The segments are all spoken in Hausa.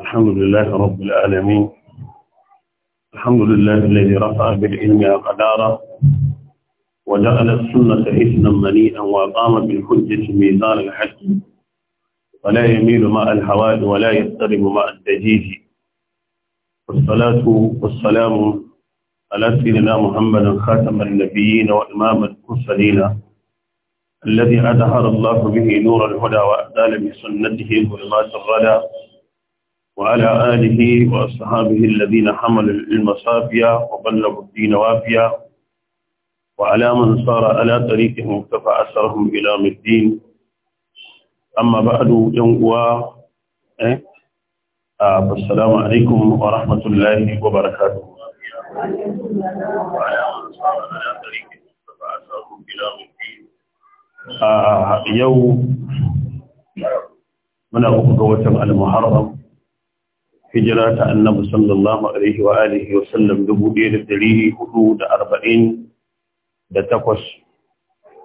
الحمد لله رب العالمين الحمد لله الذي رفع بالعلم أقداره وجعل السنة إثما منيئا وأقام بالحجة ميزان الحج ولا يميل ماء الهواء ولا يضطرب ماء الدجيج والصلاة والسلام على سيدنا محمد خاتم النبيين وإمام المرسلين الذي أظهر الله به نور الهدى وأدال بسنته ظلمات الردى وعلى آله وأصحابه الذين حملوا العلم صافيا وبلغوا الدين وافيا وعلى من صار على طريقهم اكتفى أثرهم إلى الدين أما بعد ينقوا إيه؟ آه، السلام عليكم ورحمة الله وبركاته وعلى من صار على طريقهم اكتفى أثرهم إلى الدين yau muna uku ga watan al-muharram hijira ta annabi sallallahu alaihi wa alihi wa sallam dubu ɗaya da ɗari hudu da arba'in da takwas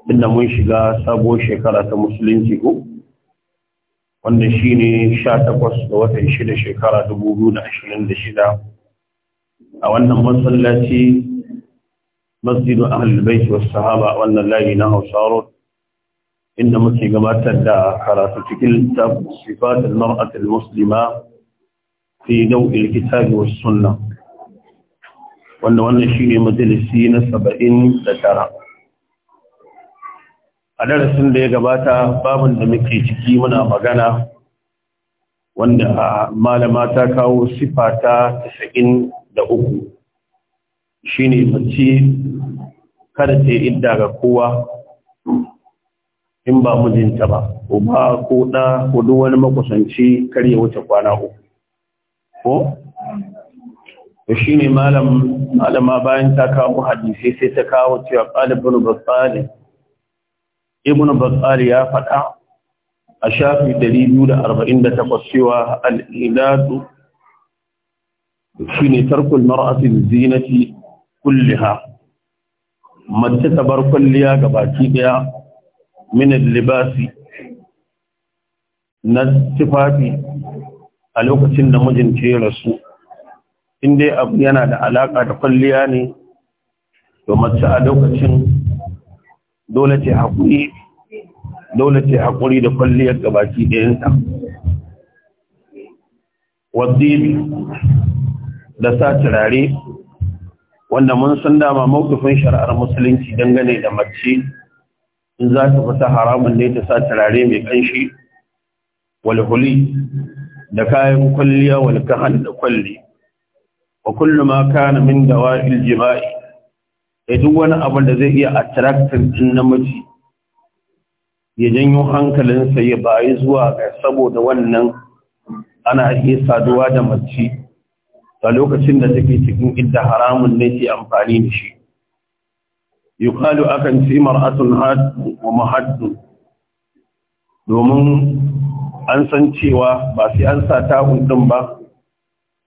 inda mun shiga sabuwar shekara ta musulunci ko wanda shi ne sha takwas ga watan shida shekara dubu biyu da ashirin da shida a wannan masallaci masjidu ahlul bayt was sahaba wannan layi na hausa road inda muke gabatar da karatu cikin littafin sifatul mar'atul muslima fi dawil kitabi was sunna wanda wannan shine majalisi na tara. a darasin da ya gabata babin da muke ciki muna magana wanda malama ta kawo sifata 93 shine mace kada ta yi idda ga kowa in ba mijinta ba ba ko ɗa ko duk wani makusanci kar ya wuce kwana uku ko to shine malam malama bayan ta kawo hadisi sai ta kawo cewa ibn basali ibn basali ya faɗa a shafi 248 cewa al-iladu shine tarkul mar'ati zinati kullaha mace ta bar kulliya baki daya min libasi na tufafi a lokacin da mijinta ya rasu in dai abu yana da alaƙa da kwalliya ne to mace a lokacin dole ce haƙuri dole ce haƙuri da kwalliyar gabaki ɗayanta wazibi da sa turare wanda mun san dama mawukufin shari'ar musulunci dangane da mace in za ta fita haramun ne ta sa turare mai kanshi walhuli da kayan kwalliya kahan da kwalli wa kullu ma kana min dawa'il jima'i da duk wani abin da zai iya attractin din namiji ya janyo hankalinsa ya bayi zuwa ga saboda wannan ana iya saduwa da mace a lokacin da take cikin idda haramun ne ke amfani da shi yukalu akan ci mar'atun haddun wa mahaddun domin an san cewa ba sai an sa ta'un din ba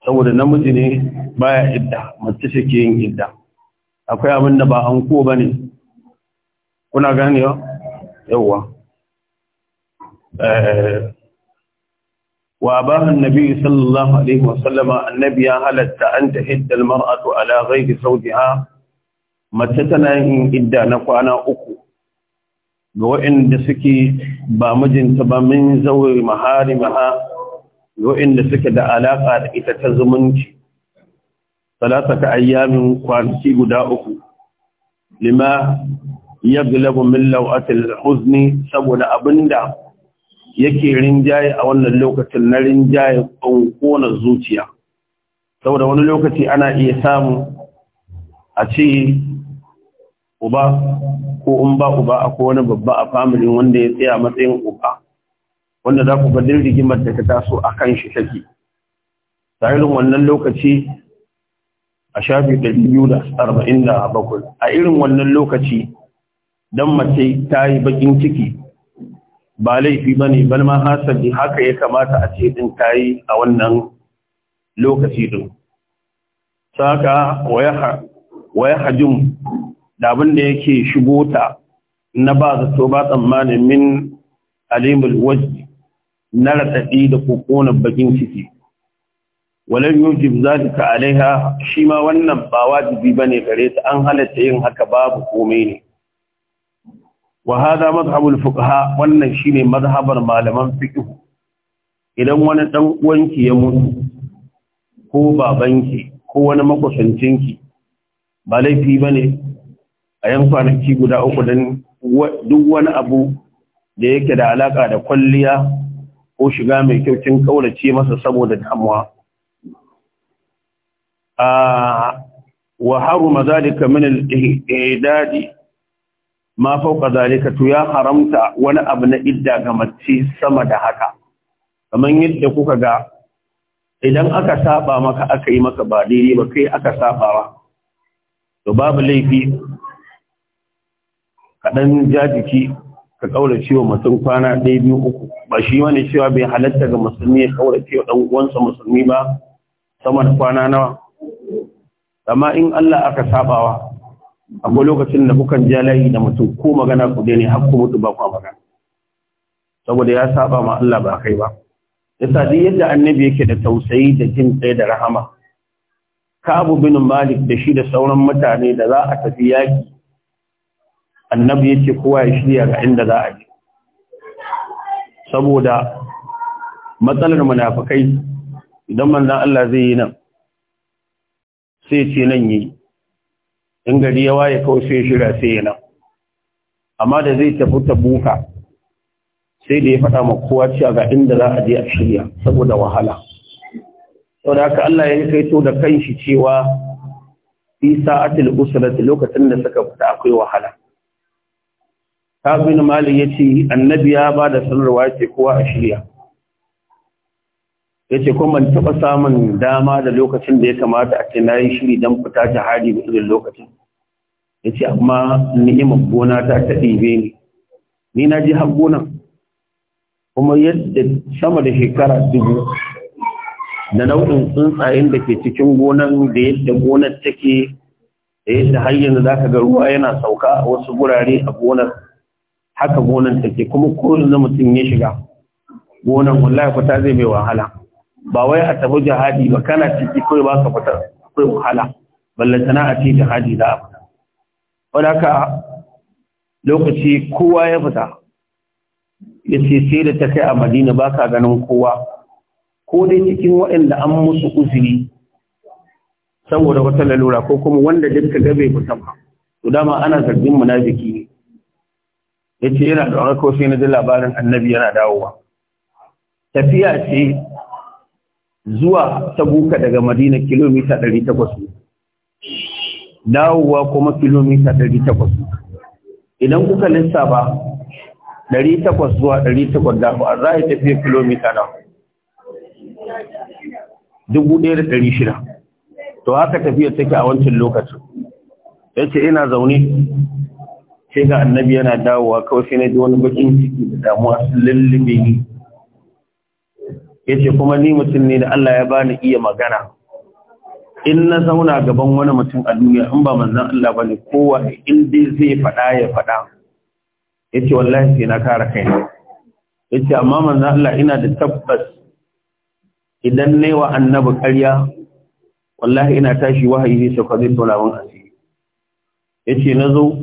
saboda namiji ne baya idda mace take yin idda akwai abin da ba an ko bane kuna gane yawa eh wa abaha annabi sallallahu alaihi wa wasallama annabi ya halatta an tahidda almar'atu ala ghairi zawjiha mace tana yin idda na kwana uku ga waɗanda suke ba mijinta ba min zaure mahari maha ga waɗanda suke da alaƙa da ita ta zumunci talata ka ayyamin kwanaki guda uku lima ya gilabu min lau'atul huzni saboda abinda yake rinjaye a wannan lokacin na rinjaye kona zuciya saboda wani lokaci ana iya samun a ce uba ko in ba uba akwai wani babba a familin wanda ya tsaya matsayin uba wanda za ku gadin rigimar da ka taso a kan shi take tsarin wannan lokaci a shafi 247 a irin wannan lokaci don mace ta yi bakin ciki ba laifi ba ne balma hasali haka ya kamata a ce din ta yi a wannan lokaci din saka ya Wai ya hajjum da abin da yake shigo ta na ba zato ba tsammani min alimul wajh na raɗaɗi da kokona bakin ciki walan yujib zalika alaiha shi ma wannan ba wajibi bane gare ta an halatta yin haka babu komai ne wa hada mazhabul fuqaha wannan shine mazhabar malaman fiqh idan wani dan uwanki ya mutu ko babanki ko wani makusancinki ba laifi ba ne a yan kwanaki guda uku don duk wani abu da yake da alaka da kwalliya ko shiga mai kyau kin kaurace masa saboda damuwa a wa haruma zalika min al-ihdadi ma fawqa zalika to ya haramta wani abu na idda ga mace sama da haka kamar yadda kuka ga idan aka saba maka aka yi maka ba daidai ba kai aka saba ba to babu laifi kaɗan jajiki, ka ƙaura cewa mutum kwana ɗaya biyu uku ba shi wani cewa bai halatta ga musulmi ya ƙaura cewa ɗan uwansa musulmi ba sama da kwana nawa amma in Allah aka sabawa akwai lokacin da kukan ja layi da mutum ko magana ku dai ne har ku mutu ba ku magana saboda ya saba ma Allah ba kai ba yasa duk yadda annabi yake da tausayi da jin tsaye da rahama kabu bin malik da shi da sauran mutane da za a tafi yaki annabi ya kowa ya shirya ga inda za a je saboda matsalar munafikai idan manzan Allah zai yi nan sai ce nan yi in gari ya waye kawai sai shirya sai yi nan amma da zai tafi ta buka sai da ya faɗa ma kowa cewa ga inda za a je a shirya saboda wahala sau haka Allah ya kai to da kanshi cewa fi sa'atil usrati lokacin da suka fita akwai wahala Kabin Malik ya ce annabi ya ba da sanarwa ya ce kowa a shirya ya ce kuma taɓa samun dama da lokacin da ya kamata a ce na yi shiri don fita jihadi da irin lokacin ya ce amma ni'imar gona ta ta ɗibe ni ni na ji har gonan kuma yadda sama da shekara dubu da nau'in tsuntsayen da ke cikin gonan da yadda gonar take da yadda har yanzu za ka ga ruwa yana sauka a wasu gurare a gonar haka gonar take kuma ko yanzu mutum ya shiga gonar wallahi fita zai bai wahala ba wai a tafi jihadi ba kana ciki kawai ba ka fita akwai wahala ballantana a ce jihadi za a fita wadda haka lokaci kowa ya fita ya ce sai da ta kai a madina ba ka ganin kowa ko dai cikin waɗanda an musu uzuri saboda wata lalura ko kuma wanda duka gabe ku sama to dama ana zargin munafiki ne yace yana da ko sai na ji labarin annabi yana dawowa tafiya ce zuwa buka daga madina kilomita 800 dawowa kuma kilomita ɗari takwas. idan kuka lissafa takwas zuwa ɗari takwas dawowa za a tafiya kilomita nawa dubu ɗaya da ɗari shida to haka tafiyar take a wancan lokacin ya ce ina zaune sai ga annabi yana dawowa kawai sai na ji wani bakin ciki da damuwa sun lullube ni ya ce kuma ni mutum ne da Allah ya bani iya magana in na zauna gaban wani mutum a duniya in ba manzan Allah ba ne kowa in dai zai faɗa ya faɗa ya ce wallahi sai na kara kai ya ce amma manzan Allah ina da tabbas idan ne wa annabi ƙarya wallahi ina tashi wahayi zai sauka zai tolawan asiri Ya ce na zo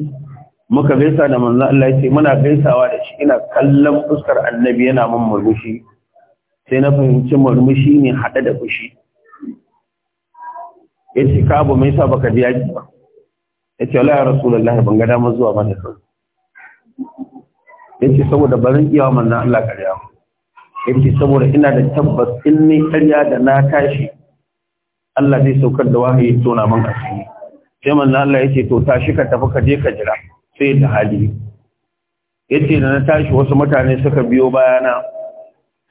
muka gaisa da manzan Allah ce muna gaisawa da shi ina kallon fuskar annabi yana mun murmushi sai na fahimci murmushi ne haɗe da fushi ce ka abu mai sa baka ji ki ba Ya ce wallahi rasulullahi ban ga damar zuwa ba ne ce saboda ba zan iya wa manzan Allah ƙarya ba yake saboda ina da tabbas in ni karya da na tashi Allah zai saukar da wahayi tona min asiri sai manzo Allah yace to tashi ka tafi ka je ka jira sai da hali yace da na tashi wasu mutane suka biyo bayana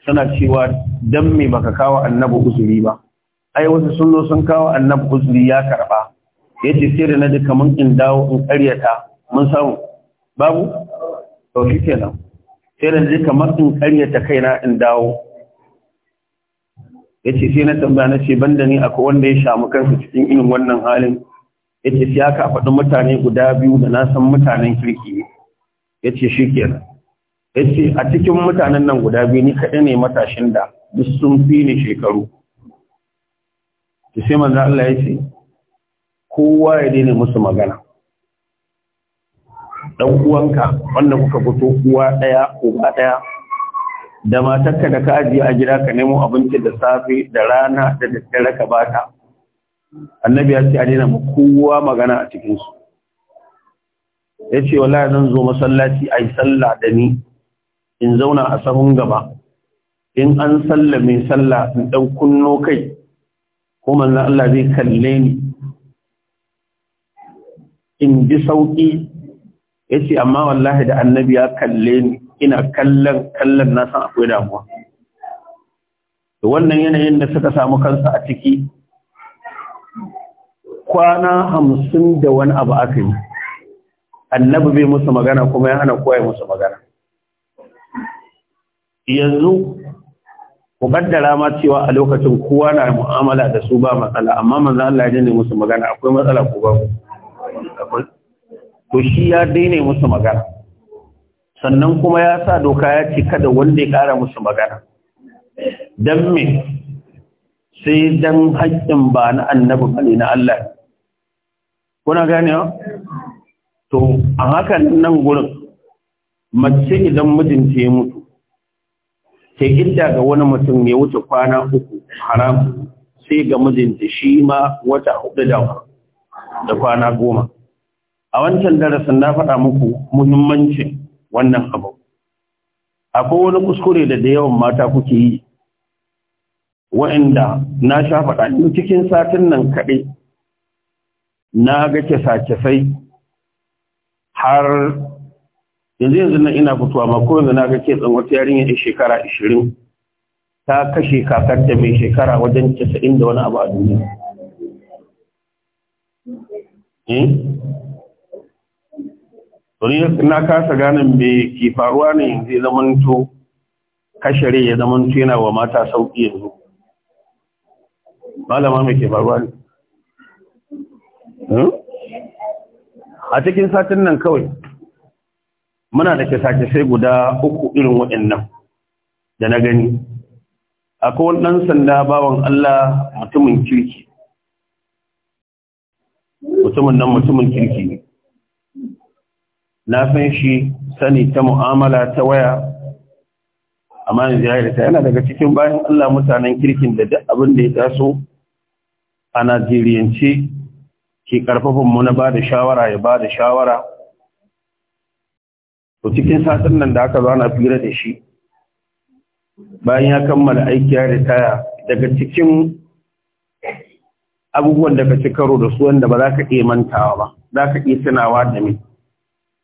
suna cewa dan me baka kawo annabi uzuri ba ai wasu sun zo sun kawo annabi uzuri ya karba yace sai da na ji kaman in dawo in karyata mun samu babu to shikenan sai na je kamar in karyata kaina in dawo ya ce sai na tambaya na ce ban da ni akwai wanda ya shamu kansa cikin irin wannan halin ya ce sai aka faɗi mutane guda biyu da na san mutanen kirki ya ce shi kenan ya ce a cikin mutanen nan guda biyu ni kaɗai ne matashin da duk sun fi ni shekaru ta sai manzo Allah ya ce kowa ya daina musu magana dan uwanka wanda kuka fito uwa daya uba daya da matarka da ka ajiye a gida ka nemo abinci da safe da rana da daddare ka bata annabi ya ce a daina mu kowa magana a cikin su ya ce wallahi zan zo masallaci a yi sallah da ni in zauna a sahun gaba in an mai sallah in dan kunno kai ko manzan Allah zai kalle ni in ji sauƙi ya ce amma wallahi da annabi ya kalle ni ina kallan kallon na akwai damuwa da wannan yanayin da suka samu kansa a ciki kwana hamsin da wani abu aka yi annabi bai musu magana kuma ya hana koya musu magana yanzu ku kaddara ma cewa a lokacin kowa na mu'amala da su ba matsala amma manzo Allah ya ne musu magana akwai matsala ko ba to shi ya daina musu magana sannan kuma ya sa doka ya ce kada wanda ya ƙara musu magana don me sai don haƙƙin ba na annabi bane na Allah kuna ganewa to a hakan nan gurin mace idan mijinta ya mutu ke idda ga wani mutum ya wuce kwana uku haram sai ga mijinta shi ma wata hudu da kwana goma a wancan darasin na faɗa muku muhimmanci wannan abu akwai wani kuskure da da yawan mata kuke yi wa'inda na sha faɗa cikin satin nan kaɗai na ga kyasa-kyasai har yanzu yanzu na ina fitowa ma ko na ga kitsan wata yarinya ya shekara ashirin ta kashe kakarta mai shekara wajen casa'in da wani abu a duniya eh? na kasa ganin me ke faruwa ne yanzu zamanto kashare ya zamanto yana wa mata sauki yanzu malama me ke faruwa ne hmm? a cikin satin nan kawai muna da kisa sai guda uku irin waɗannan da na gani akwai ɗan sanda bawan Allah mutumin kirki mutumin nan mutumin kirki ne na san shi sani ta mu'amala ta waya amma yanzu ya yana daga cikin bayan Allah mutanen kirkin da duk abin da ya taso a Najeriyance ke karfafin mu na ba da shawara ya ba da shawara to cikin satin nan da aka zo ana fira da shi bayan ya kammala aiki ya ritaya daga cikin abubuwan da ka ci karo da su wanda ba za ka iya mantawa ba za ka iya tunawa da mai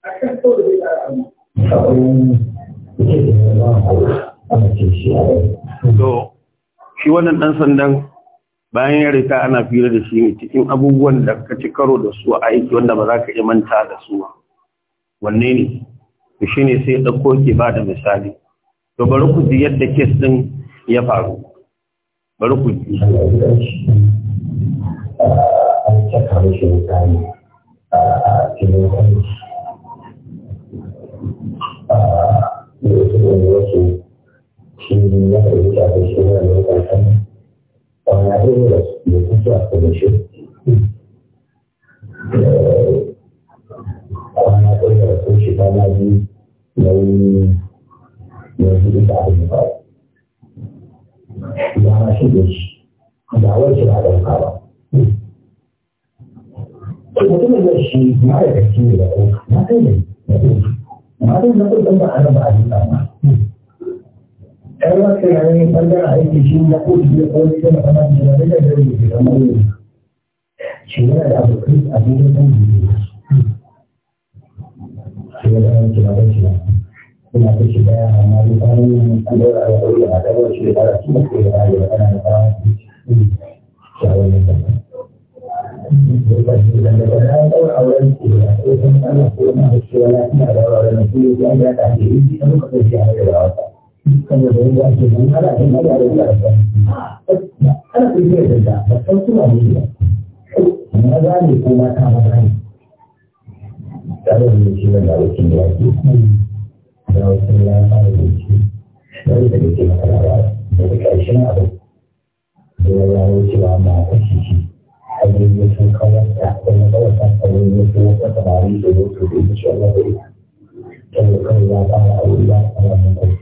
To, shi wannan ɗan sandan bayan ya rita ana fira da shi ne cikin abubuwan da ka ci karo da su a aiki wanda ba za ka iya manta da su ba. Wanne ne? To shi ne sai ɗauko ke ba da misali. To bari ku ji yadda kes ɗin ya faru. Bari ku ji. A cikin kamar shi a cikin bashir kwana ko da ko shi kwana biyu na yi yanzu ita abin da ba na shi da shi ba wai shi ɗauka ba da shi ma'aikaci ne da ko na kai ne na ɗauka na ɗauka ba a nan ba a ɗan wata yanayin ɓangaren aiki shi na kotu da kone da makama da shi da da rubuce da mawuyi shi yana da abokan abin da kan jiri shi yana da yanki na wanki na ta shi daya amma da bayan an daura a wuri a daura shi da ƙara suna ko da ana da bayan shi a wani da Lokacin da daga na daura a wurin ko da ko kuma ana ko na hussewa na ina daura a wurin ko da ya da ake yi a lokacin da ya da wata. saboda yadda ake nan ana jin ana da yadda ake ana kuma yadda da ba san suna ne ba ne ko ne da yake nan da wakil ya ke da da da da da ma ta shi abin ya sun kawar da kuma kawar da abin ya sun wata tabari da yau to da ya ce Allah ya yi. Kyan da kai.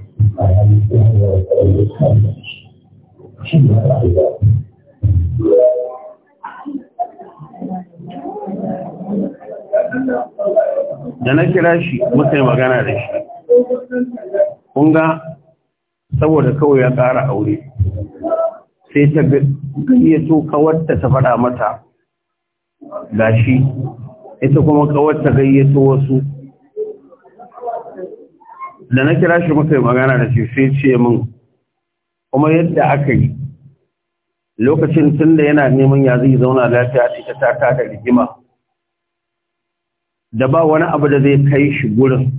da na kira shi muka yi magana da shi kunga saboda kawai ya ƙara aure sai ta gayyato kawarta ta faɗa mata gashi ita kuma kawarta gayyato wasu da na kira shi muka yi magana da shi sai ce min kuma yadda aka yi lokacin tun da yana neman ya zai zauna lafiya da ita ta da rigima da ba wani abu da zai kai shi gurin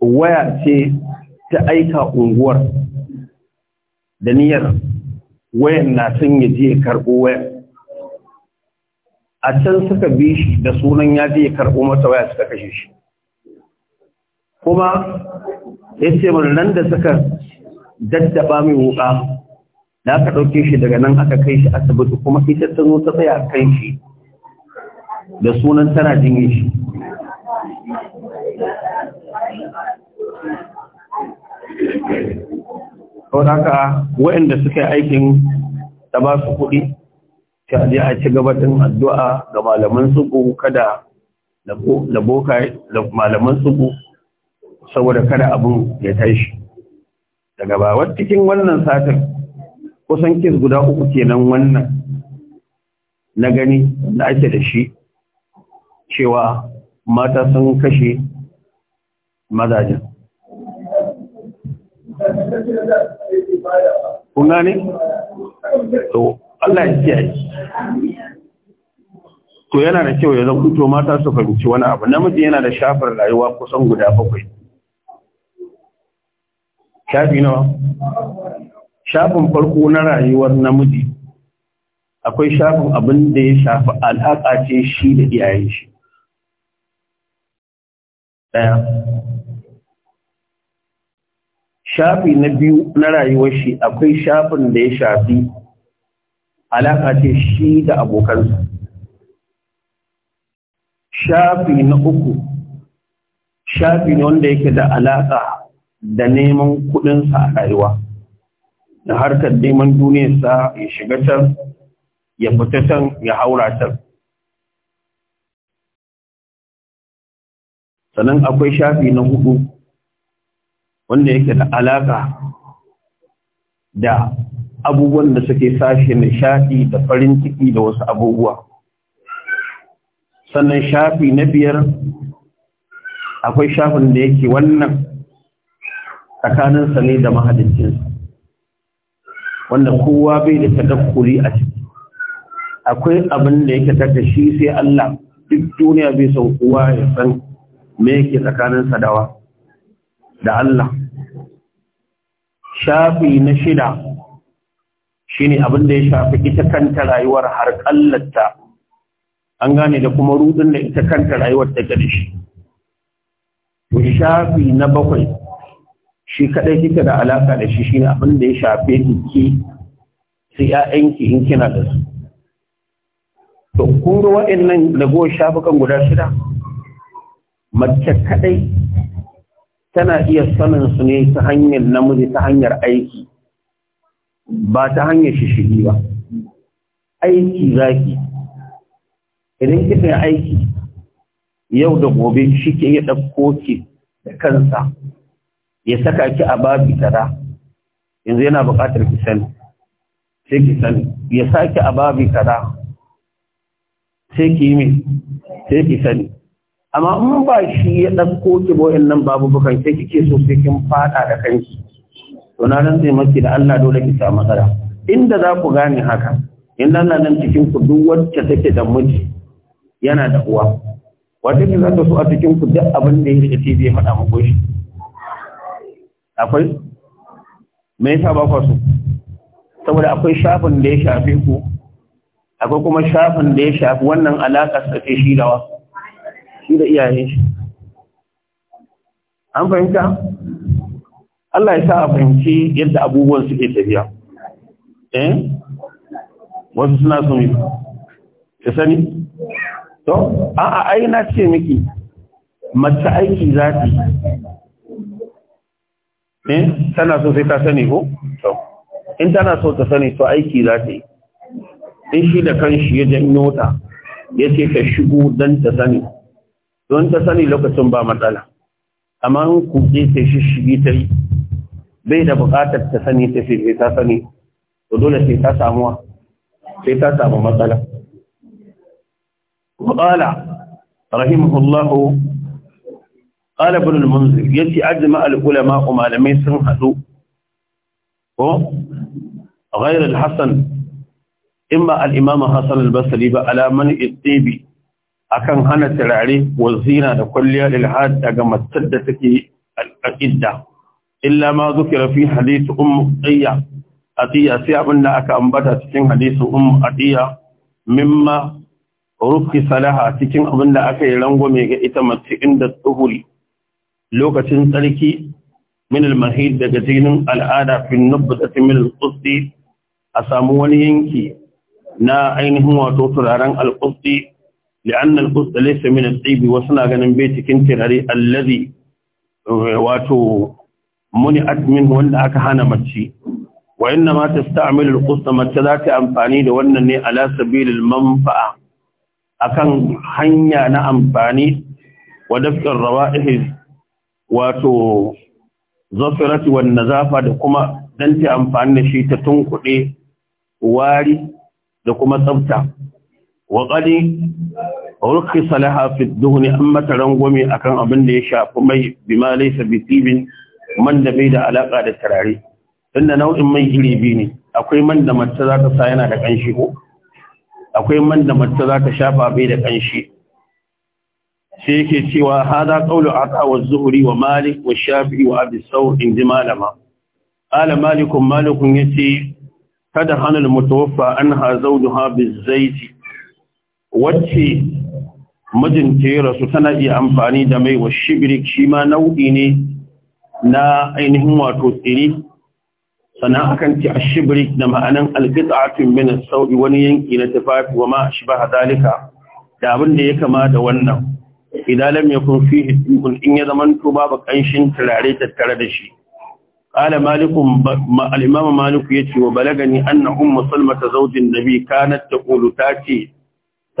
waya ce ta aika unguwar da niyyar wayan na sun ya je karɓo waya a can suka bi shi da sunan ya je karɓo masa waya suka kashe shi kuma ya ce nan da suka daddaba min wuka da aka ɗauke shi daga nan aka kai shi asibiti kuma ita ta zo ta tsaya kan shi da sunan tana jinye shi kawai haka waɗanda suka yi aikin da ba su kuɗi ta je a ci gaba addu'a ga malaman suku kada da boka malaman suku saboda kada abu ya tashi daga ba cikin wannan satin kusan kis guda uku kenan wannan na gani da ake da shi cewa mata sun kashe mazajen Kuna ne? to Allah ya kiyaye to yana da kyau ya zan fito mata su fahimci wani abu namiji yana da shafar rayuwa kusan guda bakwai shafi nawa shafin farko na rayuwar namiji akwai shafin abin da ya shafi alaƙa ce shi da iyayen shi ɗaya shafi na biyu na rayuwar shi akwai shafin da ya shafi alaƙa ce shi da abokansa shafi na uku shafi ne wanda yake da alaƙa da neman kuɗinsa a rayuwa da harkar neman duniyarsa ya shiga can ya fita can ya haura can sannan akwai shafi na hudu wanda yake da alaka da abubuwan da suke sashe nishaɗi da farin ciki da wasu abubuwa sannan shafi na biyar akwai shafin da yake wannan tsakaninsa ne da mahalicinsa wanda kowa bai da tadakkuri a ciki akwai abin da yake taka shi sai Allah duk duniya bai san kowa ya san me yake tsakaninsa dawa da Allah shafi na shida shine abin da ya shafi ita kanta rayuwar har an gane da kuma rudin da ita kanta rayuwar ta gare shi shafi na bakwai shi kadai kika da alaka da shi shine abin da ya shafe ki sai ƴaƴanki in kina da su to kun ga waɗannan ragowar shafukan guda shida mace kadai tana iya sanin su ne ta hanyar namiji ta hanyar aiki ba ta hanyar shishigi ba aiki zaki idan kika yi aiki yau da gobe shi ke iya ɗauko ki da kansa ya saka ki a babi kaza yanzu yana buƙatar ki sani sai ki sani ya saki a babi kaza sai ki yi mai sai ki sani amma in ba shi ya ɗauko ki bo'in nan babu bukan sai kike so sai kin fada da kanki to na zai maki da Allah dole ki samu matsala inda za ku gane haka in nan nan cikin ku duk wacce take da miji yana da uwa wata ki za so a cikin ku duk abin da ya rikici zai faɗa muku shi akwai me yasa ba ku saboda akwai shafin da ya shafe ku akwai kuma shafin da ya shafi wannan alaka sake shi da shi da iyayen shi an fahimta Allah ya sa a fahimci yadda abubuwan suke tafiya eh wasu suna so ne ka sani to a'a ai na ce miki mace aiki za ta eh tana so sai ta sani ko to in tana so ta sani to aiki za ta yi in shi da kanshi ya janyo ta ya ce ta shigo don ta sani don ta sani lokacin ba matsala amma in je ta shi shigi ta yi bai da buƙatar ta sani ta fi sai ta sani to dole sai ta samuwa sai ta samu matsala وقال رحمه qala Munzir ya ce yace ajma al malamai sun haɗu. ko ghayr al-hasan imma al-imam hasan imma al imam al basri ba ala man ittibi akan hana turare wa zina da kwalliya lil had daga matar da take al-idda illa ma zukira fi hadith umm atiya atiya sai abin da aka ambata cikin hadith umm atiya mimma rufi salaha cikin abin da aka yi rangwame ga ita mace inda tsuhuri lokacin tsarki min mahid daga jinin al'ada fin nubbatati min qusti a samu wani yanki na ainihin wato turaren al-qusti li'anna al-qusti laysa min al wa suna ganin bai cikin turare allazi eh, wato muni admin wanda aka hana mace wa inna ma tasta'milu al-qusta mace za ta amfani da wannan ne ala sabilil manfa'a akan hanya na amfani wa dafkar rawa'ihi wato zafirati wan zafa da kuma dan ta amfani da shi ta tunkuɗe wari da kuma tsafta wa qali rukhisa salaha fi ad-duhn amma tarangwami akan abin da ya shafi mai ma laysa bi tibin man da bai da alaka da tarare inda nau'in mai iri biyu ne akwai man da mace za ta sa yana da kanshi ko akwai man da mace za ta shafa bai da ƙanshi. sai yake cewa hada qawlu ata wa zuhri wa malik wa shafi wa abi sawr in ji malama ala malikun malikun yace kada hanal mutawaffa anha zawjuha bizaiti wacce mijinta ya rasu tana iya amfani da mai wa shibiri shi ma nau'i ne na ainihin wato tsiri sannan akan ci a shibiri da ma'anan alkitsatun min sau'i wani yanki na tufafi wa ma shi ba da abin da ya kama da wannan idan lam yakun fihi dukun in ya zaman to babu kanshin turare tattare da shi qala malikum al-imam malik yace wa balagani anna ummu salma kanar nabi kanat taqulu tati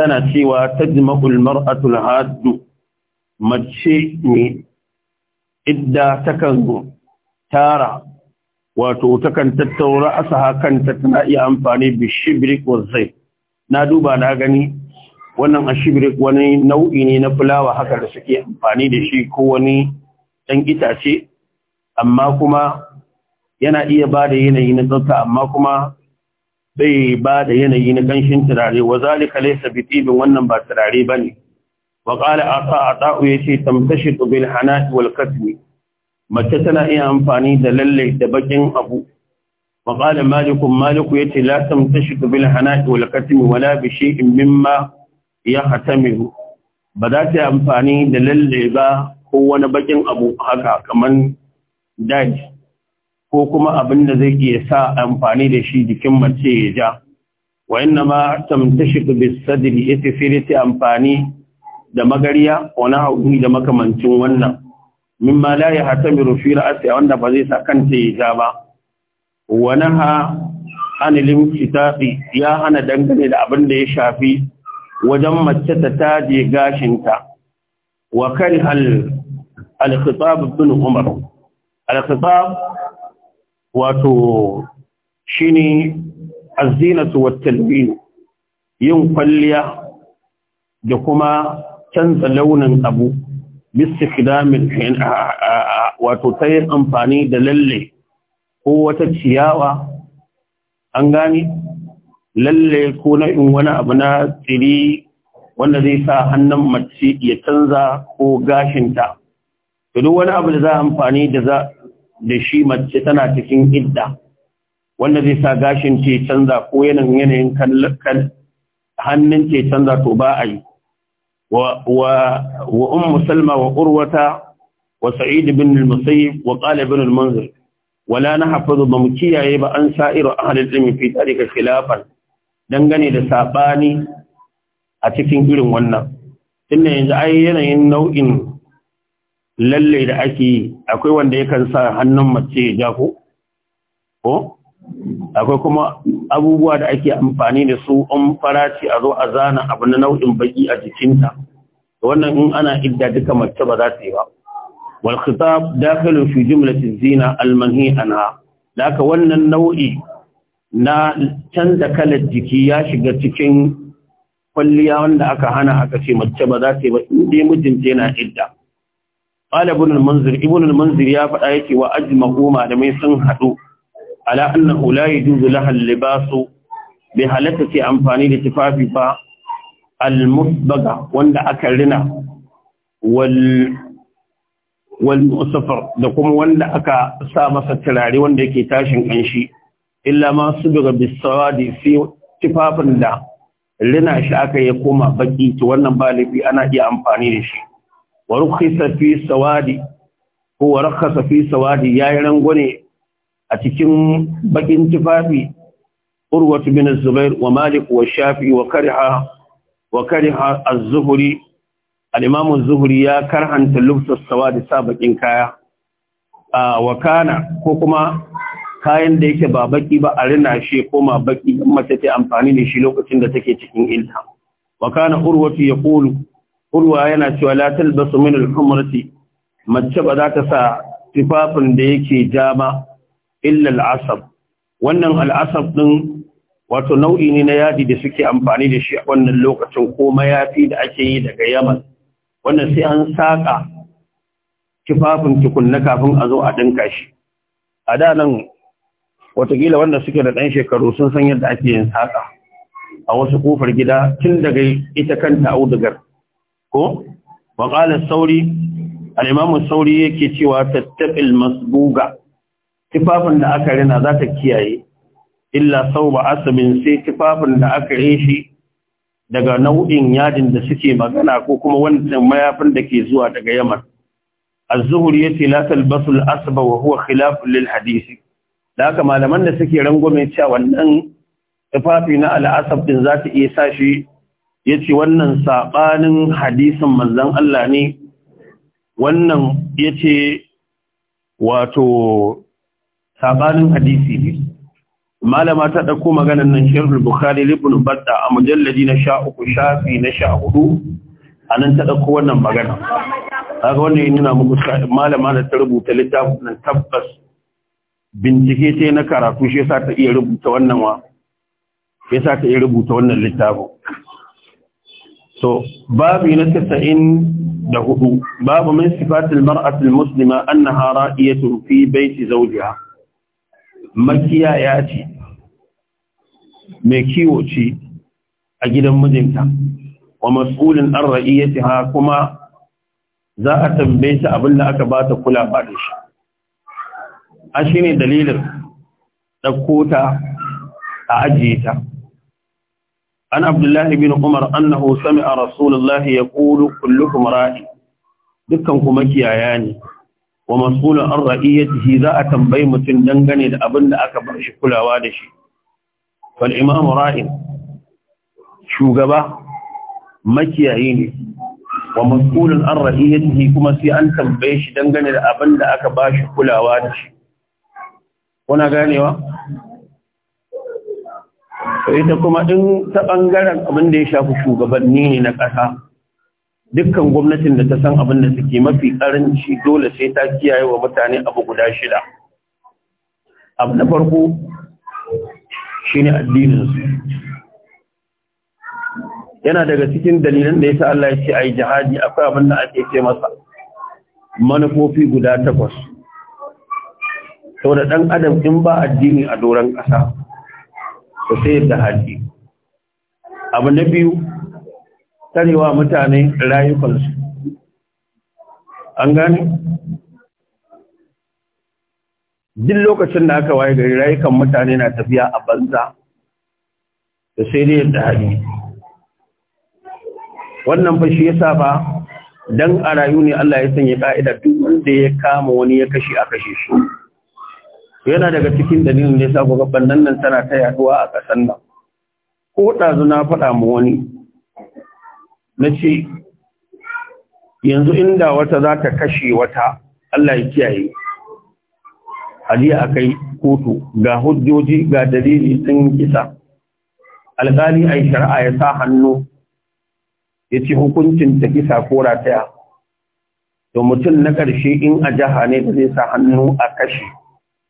tana cewa ta ji maratu al-haddu mace ne idda takan tara wato takan tattaura asaha kanta tana iya amfani bishibrik wa zai na duba na gani wannan ashibirik wani nau'i ne na fulawa haka da suke amfani da shi ko wani ɗan itace amma kuma yana iya ba da yanayi na tsafta amma kuma bai ba da yanayi na ƙanshin turare wa zalika laysa bi tibin wannan ba turare bane wa qala ata ya ce tamtashitu bil hana'i wal katmi mace tana iya amfani da lalle da bakin abu wa qala malikum maliku yace la tamtashitu bil hana'i wal katmi wala bi shay'in mimma ya hatamiru ba za ta yi amfani da lalle ba ko wani bakin abu haka kamar daji ko kuma abin da zai iya sa amfani da shi jikin mace ya ja wa inna ma tamta shi tamtashiku ya fi fere ta amfani da magariya wani hagu da makamancin wannan ma la ya hatamiru fi ra'asi wanda ba zai sa kanta ya ja ba wani naha an ya hana dangane da abin da ya shafi wajen mace ta taje gashinta wa kari al-khitab bin umar al-khitab wato shine az wat-talbin yin kwalliya da kuma canza launin abu bistikhdamin wato ta yin amfani da lalle ko wata ciyawa an gane lalle ko na in wani abu na tsiri wanda zai sa hannun mace ya canza ko gashinta to duk wani abu da za amfani da za da shi mace tana cikin idda wanda zai sa gashin ce canza ko yanayin yanayin hannun ce canza to ba a yi wa wa ummu salma wa urwata وسعيد بن المصيب وقال ابن المنذر ولا نحفظ بمكيا يبقى أن سائر أهل العلم في ذلك خلافا dangane da saɓani a cikin irin wannan inda yanzu ai yanayin nau'in lalle da ake yi akwai wanda yakan sa hannun mace ya jako ko akwai kuma abubuwa da ake amfani da su an faraci a zo a zana abu na nau'in baki a jikinta wannan in ana idda duka mace ba za ta yi ba wal khitab dakhilu fi jumlatiz zina al manhi anha laka wannan nau'i na canza kalar jiki ya shiga cikin kwalliya wanda aka hana aka ce mace ba za ta yi ba inda mijinta yana idda qala ibn al-munzir ibn al-munzir ya faɗa yake wa ajma'u malamai sun haɗu ala annahu la yajuzu laha al-libasu bi halatta amfani da tufafi ba al-musbaga wanda aka rina wal wal musafar da kuma wanda aka sa masa turare wanda yake tashin kanshi illa ma su daga sawadi fi tifafin da rina shi aka yi koma baki to wannan balibi ana iya amfani da shi wa rukhisa fi sawadi ko wa rakhasa fi sawadi yayi rangwane a cikin bakin tifafi urwat bin zubair wa malik wa shafi wa kariha wa kariha az-zuhri al-imam az-zuhri ya karhanta lubsa sawadi sa bakin kaya ah, wa kana ko kuma kayan da yake ba baki ba a rina shi koma baki in mace ta amfani da shi lokacin da take cikin ilha wa kana urwatu yaqulu urwa yana cewa la talbasu min al-humrati mace ba za ta sa tufafin da yake ja ba illa al-asab wannan al-asab din wato nau'i ne na yadi da suke amfani da shi a wannan lokacin ko mayafi da ake yi daga Yaman wannan sai an saka tufafin tukunna kafin a zo a dinka shi a da nan watakila wanda suke da ɗan shekaru sun san yadda ake yin saƙa a wasu ƙofar gida tun daga ita kanta audugar ko waƙala sauri al'imamu sauri yake cewa tattaɓil masbuga tufafin da aka rina za ta kiyaye illa sau ba asibin sai tufafin da aka reshe daga nau'in yadin da suke magana ko kuma wanda mayafin da ke zuwa daga yamar az-zuhri la talbasul asba wa huwa khilaf lil hadisi da haka malaman da suke rangwame cewa wannan tufafi na al'asab din za ta iya sa shi ya ce wannan saɓanin hadisin manzan Allah ne wannan ya ce wato saɓanin hadisi ne malama ta ɗauko maganan nan shirin bukari libin batta a mujalladi na sha uku shafi na sha hudu a nan ta ɗauko wannan magana ga wannan yi nuna muku malama da ta rubuta littafin tabbas bincike ce na karatu shi yasa ta iya rubuta wannan wa yasa ta iya rubuta wannan littafin so babu na 94 babu min sifatil mar'atil muslima annaha ra'iyatun fi baiti zawjiha makiya ya ce mai kiwo ce a gidan mijinta wa mas'ulin an ra'iyatiha kuma za a tambaye ta abin da aka bata kula ba da shi a shi ne dalilin ɗauko ta a ajiye ta an abdullahi bin umar annahu sami a rasulullahi ya ƙulu kullukum ra'i dukkan kuma kiyaya ne wa masulun an ra'i ya ra'iyyatihi za a tambayi mutum dangane da abin da aka bar shi kulawa da shi fal imamu ra'in shugaba makiyayi ne wa masulun an ra'i ra'iyyatihi kuma sai an tambaye shi dangane da abin da aka ba shi kulawa da shi kuna ganewa ita kuma in ta bangaren abin da ya shafi shugabanni ne na ƙasa dukkan gwamnatin da ta san abin da suke mafi ƙaranci dole sai ta kiyaye wa mutane abu guda shida abu na farko shi ne addininsu yana daga cikin dalilan da ya sa Allah ya ce a yi jihadi akwai abin da ake ce masa manufofi guda takwas da ɗan adam in ba addini a doron ƙasa to sai da haji abu na biyu tarewa mutane rayukansu an gane din lokacin da aka waye gari rayukan mutane na tafiya a banza da sai dai yadda haji wannan fa shi yasa ba dan a rayu ne Allah ya sanya ka'ida duk wanda ya kama wani ya kashe a kashe shi to yana daga cikin dalilin da yasa goga bannan nan tana ta yaduwa a kasan nan ko ɗazu na faɗa mu wani nace ce yanzu inda wata za ta kashe wata Allah ya kiyaye ajiya akai kotu ga hujjoji ga dalili sun kisa alƙali a shari'a ya sa hannu ya ci hukuncin ta kisa ko rataya to mutum na ƙarshe in a jaha ne da zai sa hannu a kashe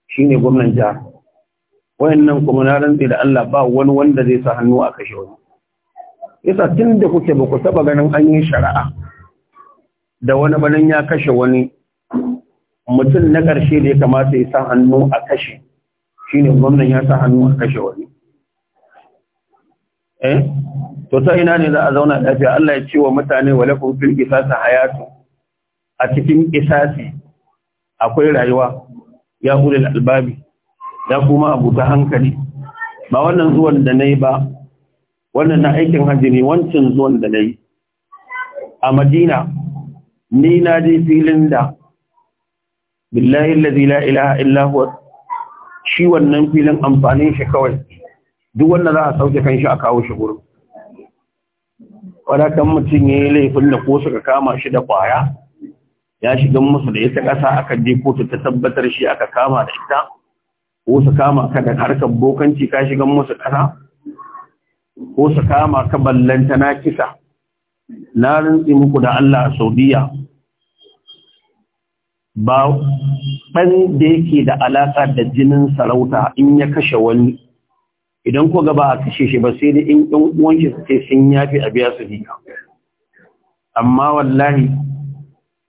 Shi ne gwamnan jihar wayan nan kuma na rantsi da Allah ba wani wanda zai sa hannu a kashe wani yasa tun da kuke ba ku taba ganin an yi shari'a da wani banan ya kashe wani mutum na ƙarshe da ya kamata ya sa hannu a kashe shine gwamnan ya sa hannu a kashe wani eh to ta ina ne za a zauna lafiya Allah ya ce wa mutane wa lafin fil qisas hayatu a cikin qisasi akwai rayuwa ya hulil albabi ya kuma abuta hankali ba wannan zuwan da nayi ba wannan na aikin hajji ne wancan zuwan da nayi a Madina ni na je filin da billahi allazi la ilaha illa huwa shi wannan filin amfanin shi kawai duk wanda za a sauke kan shi a kawo shi gurin wadakan mutum ya yi laifin da ko suka kama shi da kwaya ya shiga musu da ita ƙasa aka je kotu ta tabbatar shi aka kama da ita ko su kama ka da harkar bokanci ka shiga musu ƙasa ko su kama ka ballanta na kisa na rintsi muku da Allah a Saudiya ba ɗan da yake da alaƙa da jinin sarauta in ya kashe wani idan ko gaba a kashe shi ba sai da in ɗan uwanki su ce sun yafi a biya su amma wallahi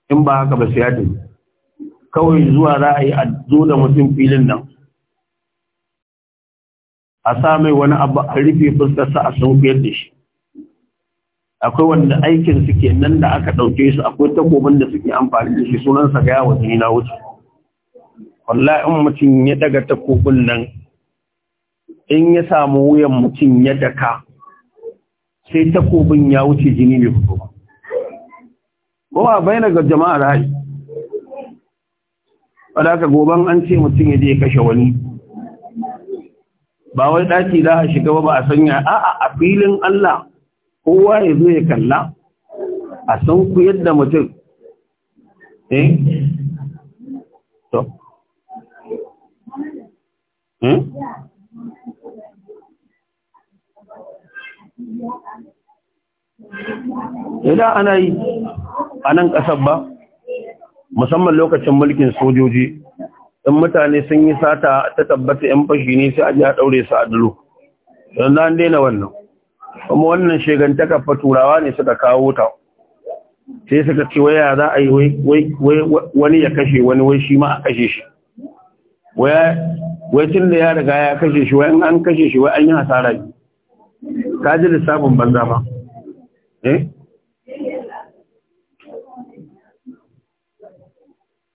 in ba haka ba sai ya kawai zuwa za a yi a zo da mutum filin nan a sa mai wani abu a rufe fuskarsa a sunkuyar da shi akwai wanda aikin su nan da aka ɗauke su akwai takobin da suke amfani da shi sunansa ga yawon jini na wuce wallahi in mutum ya daga takobin nan in ya samu wuyan mutum ya daka sai takobin ya wuce jini bai fito ba a bai daga jama'ar rai wadda goban an ce mutum ya je kashe wani ba wai daki za a shiga ba ba a sanya a'a a filin Allah kowa ya zo ya kalla a san ku yadda mutum eh? idan ana yi a nan ƙasar ba musamman lokacin mulkin sojoji in mutane sun yi sata ta tabbata 'yan fashi ne sai a ji a ɗaure su a dulo don a daina wannan kuma wannan shegantaka fa turawa ne suka kawo ta sai suka ce waya za a yi wani ya kashe wani wai shi ma a kashe shi wai tun da ya riga ya kashe shi wai an kashe shi wai an yi hasara ne? ka ji lissafin banza ba Eh?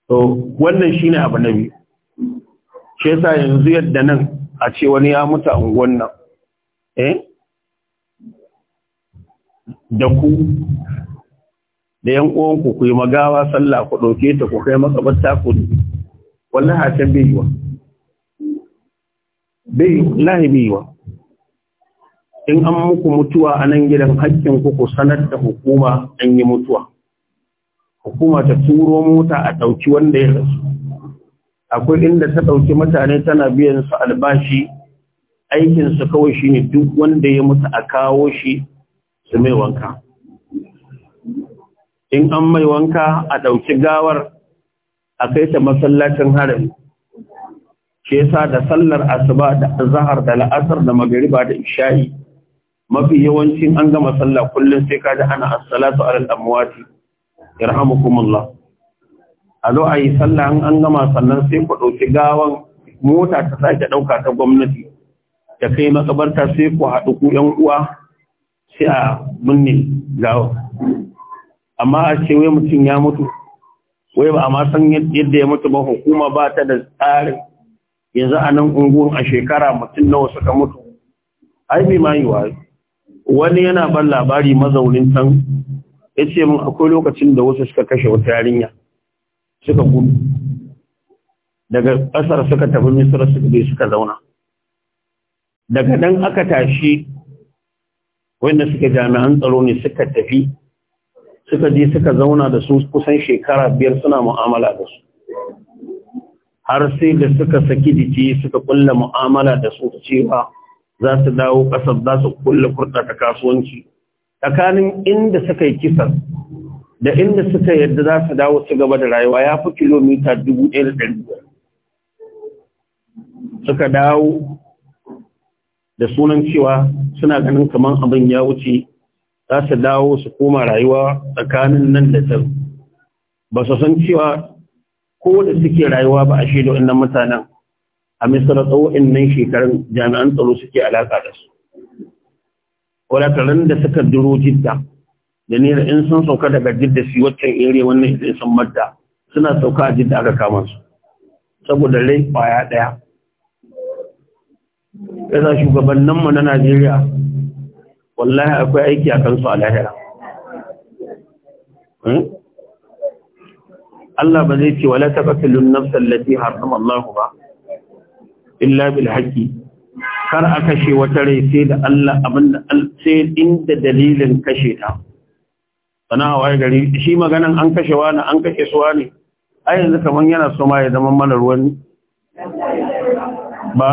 to wannan shine abu na biyu shi yasa yanzu yadda nan a ce wani ya mutu a unguwan nan eh da ku da yan uwanku ku yi magawa sallah ku ɗauke ta ku kai makabarta ku wallahi hakan bai bai lahi bai in an muku mutuwa a nan gidan hakkin ku ku sanar da hukuma an yi mutuwa hukuma ta turo mota a ɗauki wanda ya rasu akwai inda ta ɗauki mutane tana biyan su albashi aikinsu kawai shine duk wanda ya mutu a kawo shi su mai wanka in an mai wanka a ɗauki gawar a kai ta masallacin harami Ke sa da sallar asuba da zahar da la'asar da magariba da isha'i mafi yawancin an gama sallah kullum sai ka ji ana assalatu alal amwati yarhamukumullah a zo a yi sallah an gama sannan sai ku ɗauki gawan mota ta sake ɗauka ta gwamnati da kai makabarta sai ku haɗu ku ‘yan uwa sai a binne gawa amma a ce wai mutum ya mutu wai ba a ma san yadda ya mutu ba hukuma ba ta da tsarin yanzu a nan unguwar a shekara mutum nawa suka mutu ai bai ma yi wa. wani yana ban labari mazaunin can ya ce min akwai lokacin da wasu suka kashe wata yarinya suka gudu daga ƙasar suka tafi misira suka je suka zauna daga nan aka tashi wanda suka jami'an tsaro ne suka tafi suka je suka zauna da su kusan shekara biyar suna mu'amala da su har sai da suka saki jiki suka kulla mu'amala da su cewa za su dawo ƙasar za su kulle kurɗa ta kasuwanci tsakanin inda suka yi kisan da inda suka yadda za su dawo su gaba da rayuwa ya fi kilomita dubu ɗaya da ɗari biyar suka dawo da sunan cewa suna ganin kamar abin ya wuce za su dawo su koma rayuwa tsakanin nan da can ba su san cewa ko da suke rayuwa ba a shaidu inda mutanen a tsawo tsawo'in nan shekarun jami'an tsaro suke alaƙa da su wadataran da suka duro jidda da nera in sun sauka daga jidda su yi waccan ire wannan idan sun madda suna sauka a jidda aka kama su saboda rai kwaya ɗaya ƙasa shugabanninmu na najeriya wallahi akwai aiki a kansu a lahira hmm? Allah ba zai ce wala taqtulun nafsal lati harrama Allah ba illa bil haqqi kar a kashe wata rai sai da Allah abinda sai inda dalilin kashe ta sana waye gari shi maganan an kashe wani an kashe su wani a yanzu kaman yana so ma ya zama mana ruwan ba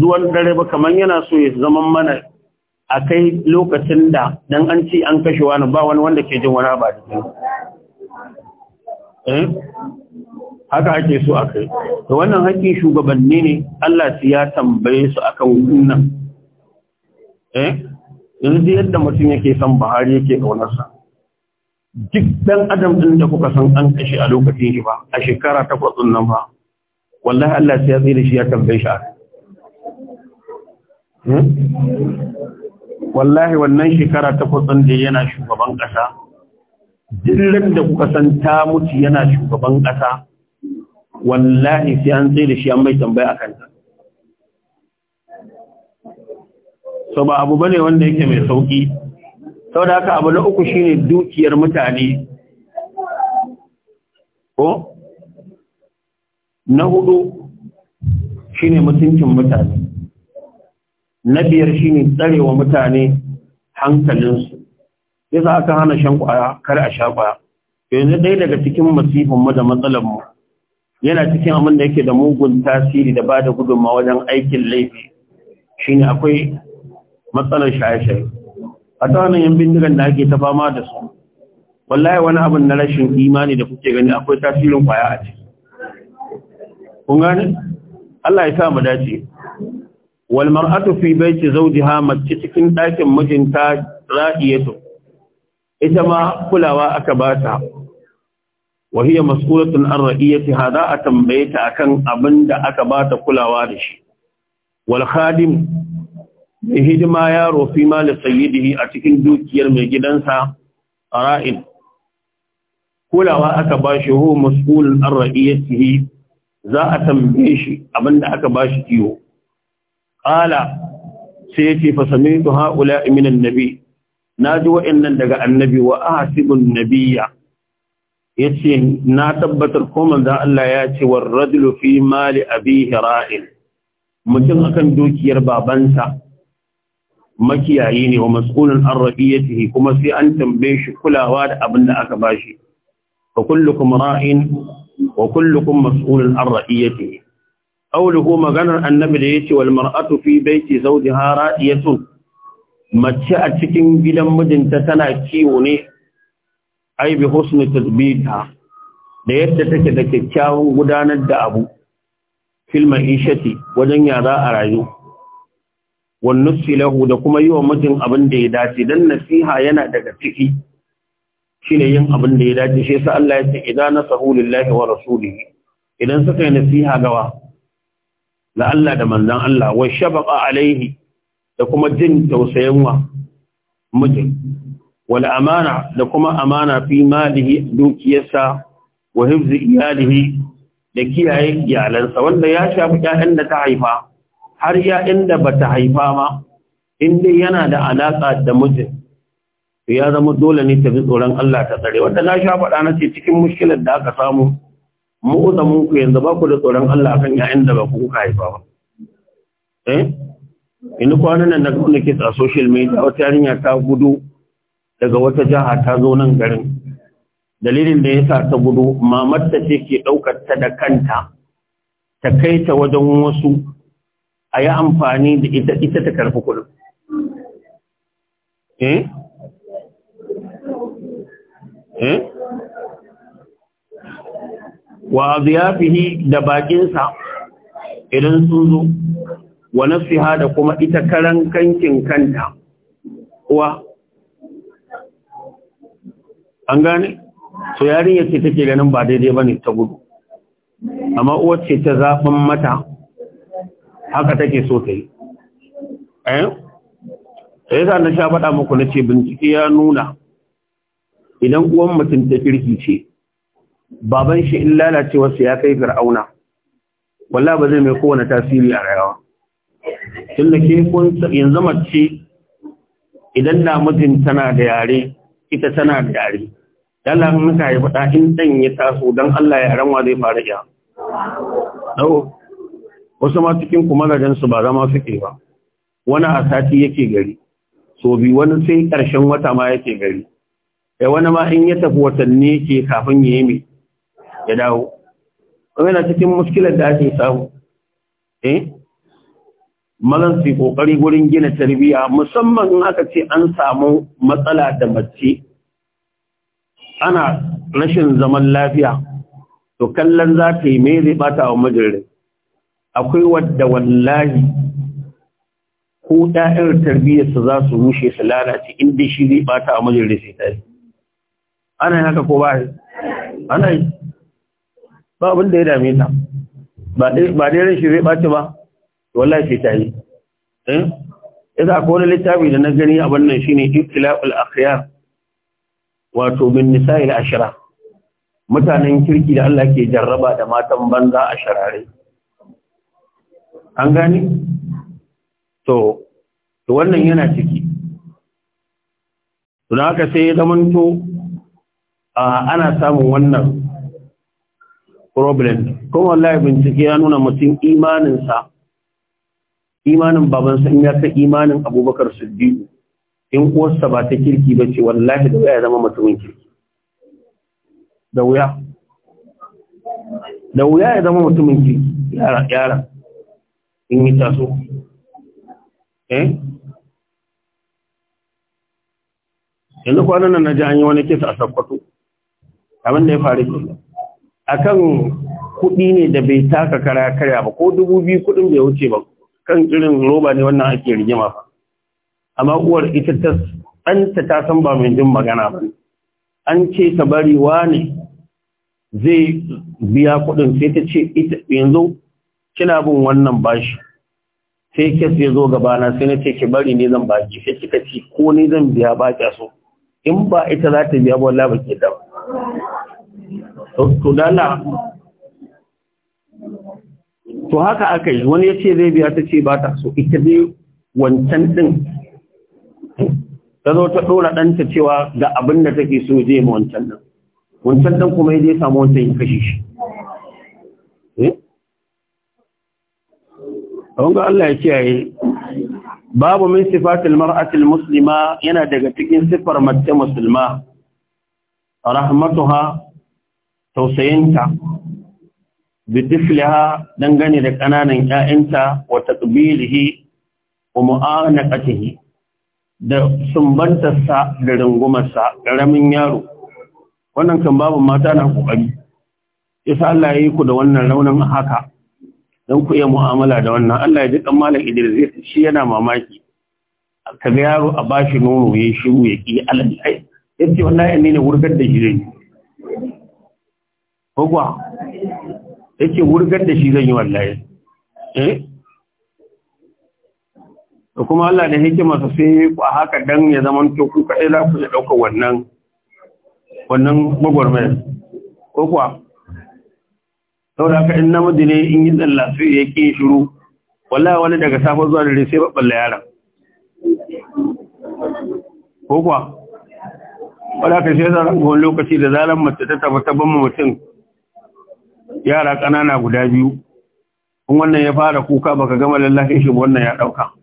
zuwan dare ba kaman yana so ya zama mana a kai lokacin da dan an ci an kashe wani ba wani wanda ke jin wani ba da eh haka ake so a kai da wannan haƙi shugabanni ne Allah su ya tambaye su akan wannan eh yanzu yadda mutum yake son Buhari yake kaunarsa duk dan adam din da kuka san an kashi a lokacin shi ba a shekara takwas din nan ba wallahi Allah sai ya tsira shi ya tambaye shi hmm? wallahi wannan shekara takwas din da yana shugaban kasa dillan da kuka san ta mutu yana shugaban kasa wallahi sai an tsaye da shi an bai tambaya a kanta so ba abu bane wanda yake mai sauki sau da haka abu na uku shine dukiyar mutane ko na hudu shine mutuncin mutane na biyar shine tsarewa mutane hankalinsu yasa aka hana shan kwaya kar a sha kwaya yanzu ɗaya daga cikin masifinmu da mu. yana cikin abin da yake da mugun tasiri da ba da gudunma wajen aikin laifi shine akwai matsalar shaye-shaye a wani yan bindigan da ake ta fama da su wallahi wani abin na rashin imani da kuke gani akwai tasirin kwaya a ciki kun gani Allah ya sa mu dace wal mar'atu fi baiti zawjiha mace cikin ɗakin mijinta ra'iyatu ita ma kulawa aka ba ta. wa hiya mas'ulatun an ra'iyatiha za a tambaye ta akan abin da aka ba ta kulawa da shi wal khadim bi hidima yaro fi mal sayyidihi a cikin dukiyar mai gidansa ra'in kulawa aka ba shi hu mas'ulun an ra'iyatihi za a tambaye shi abin da aka ba shi kiwo qala sai yake fa sami'tu ha'ula'i minan nabi naji wa'annan daga annabi wa ahsibun nabiyya yace na tabbatar ko za Allah ya ce war rajulu fi mali abihi ra'in mutum akan dukiyar babansa makiyayi ne wa mas'ulun an rafiyatihi kuma sai an tambaye shi kulawa da abin da aka bashi fa kullukum ra'in wa kullukum mas'ulun an ra'iyatihi qawluhu maganar annabi da yace wal mar'atu fi baiti zawjiha ra'iyatun mace a cikin gidan mijinta tana kiwo ne ai bi husni tadbita da yadda take da kyakkyawan gudanar da abu fil ma'ishati wajen yara a rayu wan Silahu lahu da kuma yiwa wa mutum abin da ya dace dan nasiha yana daga ciki shine yin abin da ya dace shi yasa Allah ya ce idan nasahu lillahi wa rasulihi idan suka yi nasiha gawa la Allah da manzon Allah wa shabaqa alaihi da kuma jin tausayin wa mutum wal amana da kuma amana fi malihi dukiyarsa wa hifzi iyalihi da kiyaye iyalansa wanda ya shafi ƴaƴan da ta haifa har ƴaƴan da bata haifa ma in dai yana da alaƙa da mijin to ya zama dole ne ta bi tsoron Allah ta tsare wanda na sha faɗa na ce cikin mushkilar da aka samu mu uzamin ku yanzu ba ku da tsoron Allah akan ƴaƴan da ba ku haifa ba eh in kwanan nan na ga wanda ke a social media wata yarinya ta gudu daga wata jiha ta zo nan garin dalilin da ya sa ta gudu mamar ta ce ke ɗaukar ta da kanta ta kai ta wajen wasu a yi amfani da ita ita ta karfi kudin eh eh wa ziyafihi da bakinsa idan sun zo wa nafsiha da kuma ita karan kankin kanta uwa an gane to yarinyar ce take ganin ba daidai ba ne ta gudu amma uwar ce ta zafin mata haka take so ta yi eh yasa na sha faɗa muku na ce bincike ya nuna idan uwan mutum ta kirki ce baban shi in lalacewarsa ya kai fir'auna wallah ba zai mai kowane tasiri a rayuwa tun da ke yanzu mace idan da mutum tana da yare ita tana da yare Allah mun muka yi fada in ɗan ya taso don Allah ya ranwa zai fara ya. Ɗau, wasu ma cikin kuma jansu ba zama suke ba, wani a sati yake gari, so bi wani sai ƙarshen wata ma yake gari, ya wani ma in ya tafi watanni yake kafin ya yi mai ya dawo. Kuma yana cikin muskilar da ake samu, eh? Mazan su ƙoƙari gurin gina tarbiyya musamman in aka ce an samu matsala da mace ana rashin zaman lafiya to kallon za ta yi mai zai bata wa majalai akwai wadda wallahi ko ɗa'yar tarbiyyarsa za su rushe su lalace inda shi zai bata wa majalai sai ta yi ana yi haka ko ba yi ana yi ba abin da ya dame ta ba dai rashin zai bata ba wallahi sai ta yi eh yasa akwai wani littafi da na gani abin nan shine ikhlaqul akhyar wato min nisa'il ashra mutanen kirki da Allah ke jarraba da matan banza a sharare an gani to to wannan yana ciki to da haka sai zamanto ana samun wannan problem kuma wallahi bincike ya nuna mutum imaninsa imanin babansa in ya kai imanin abubakar siddiqu in uwarsa ba ta kirki ba ce wallahi da wuya ya zama mutumin kirki da wuya da wuya ya zama mutumin kirki yara yara in yi taso eh yanzu kwanan nan na ji an yi wani kisa a sakkwato abin da ya faru ke kan kuɗi ne da bai taka kara karya ba ko dubu biyu kuɗin bai wuce ba kan irin roba ne wannan ake rigima ba amma uwar ita ta ɗanta ta san ba mai jin magana ba an ce ta bari wa ne zai biya kuɗin sai ta ce ita yanzu kina bin wannan bashi sai ke ya zo gabana sai na ce ki bari ne zan baki sai kika ci ko ne zan biya ba ki so in ba ita za ta biya ba wallahi ba ke da to dala to haka aka yi wani ya ce zai biya ta ce ba ta so ita dai wancan din ta zo ta ɗora ɗanta cewa ga abin da take so je ma wancan nan wancan ɗan kuma ya je samu wancan ya kashe shi eh? a wanga Allah ya kiyaye babu min sifatil mar'atil muslima yana daga cikin siffar mace musulma rahmatuha tausayinta bitifliha dangane da ƙananan yayanta wa taqbilihi wa mu'anaqatihi da sumbantarsa da rungumarsa ƙaramin yaro wannan kan babu mata na ƙoƙari isa Allah ya yi ku da wannan raunin haka don ku iya mu'amala da wannan Allah ya ji kan malam Idris shi yana mamaki ka ga yaro a bashi nono ya shiru ya ki alal ai yace wannan ne ne wurgar da shi yi. ko ya ce wurgar da shi zan yi wallahi eh da kuma Allah da hikimarsa sai ku haka dan ya zama to ku kaɗai za ku dauka ɗauka wannan wannan magwarmai ko kuwa saboda haka in namiji ne in yi tsalla sai ya ke shiru wallahi wani daga safa zuwa dare sai babballa yaran ko kuwa wala ka sai yasa ran lokaci da zarar mace ta tafi ta bamma mutum yara ƙanana guda biyu kun wannan ya fara kuka baka gama lallahi shi wannan ya ɗauka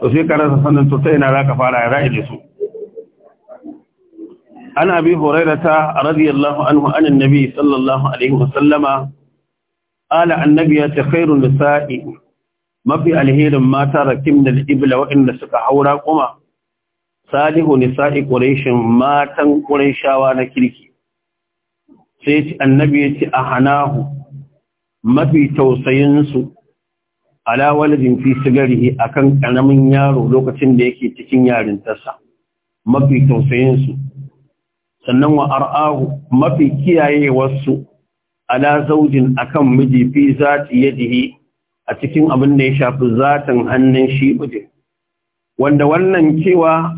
to sai ka rasa sanin to ta ina za ka fara ya ra'ayi da su an abi hurairata radiyallahu anhu anan nabi sallallahu alaihi wasallama ala annabi ya ta khairu mafi alherin mata rakim da ibla waɗanda suka haura kuma salihu nisa'i quraishin matan quraishawa na kirki sai annabi ya ce a hanahu mafi tausayinsu ala waladin fi sigarihi akan karamin yaro lokacin da yake cikin yarintarsa mafi tausayin su sannan wa ar'ahu mafi kiyayewarsu ala zaujin akan miji fi zati yadihi a cikin abin da ya shafi zatin hannun shi mijin wanda wannan cewa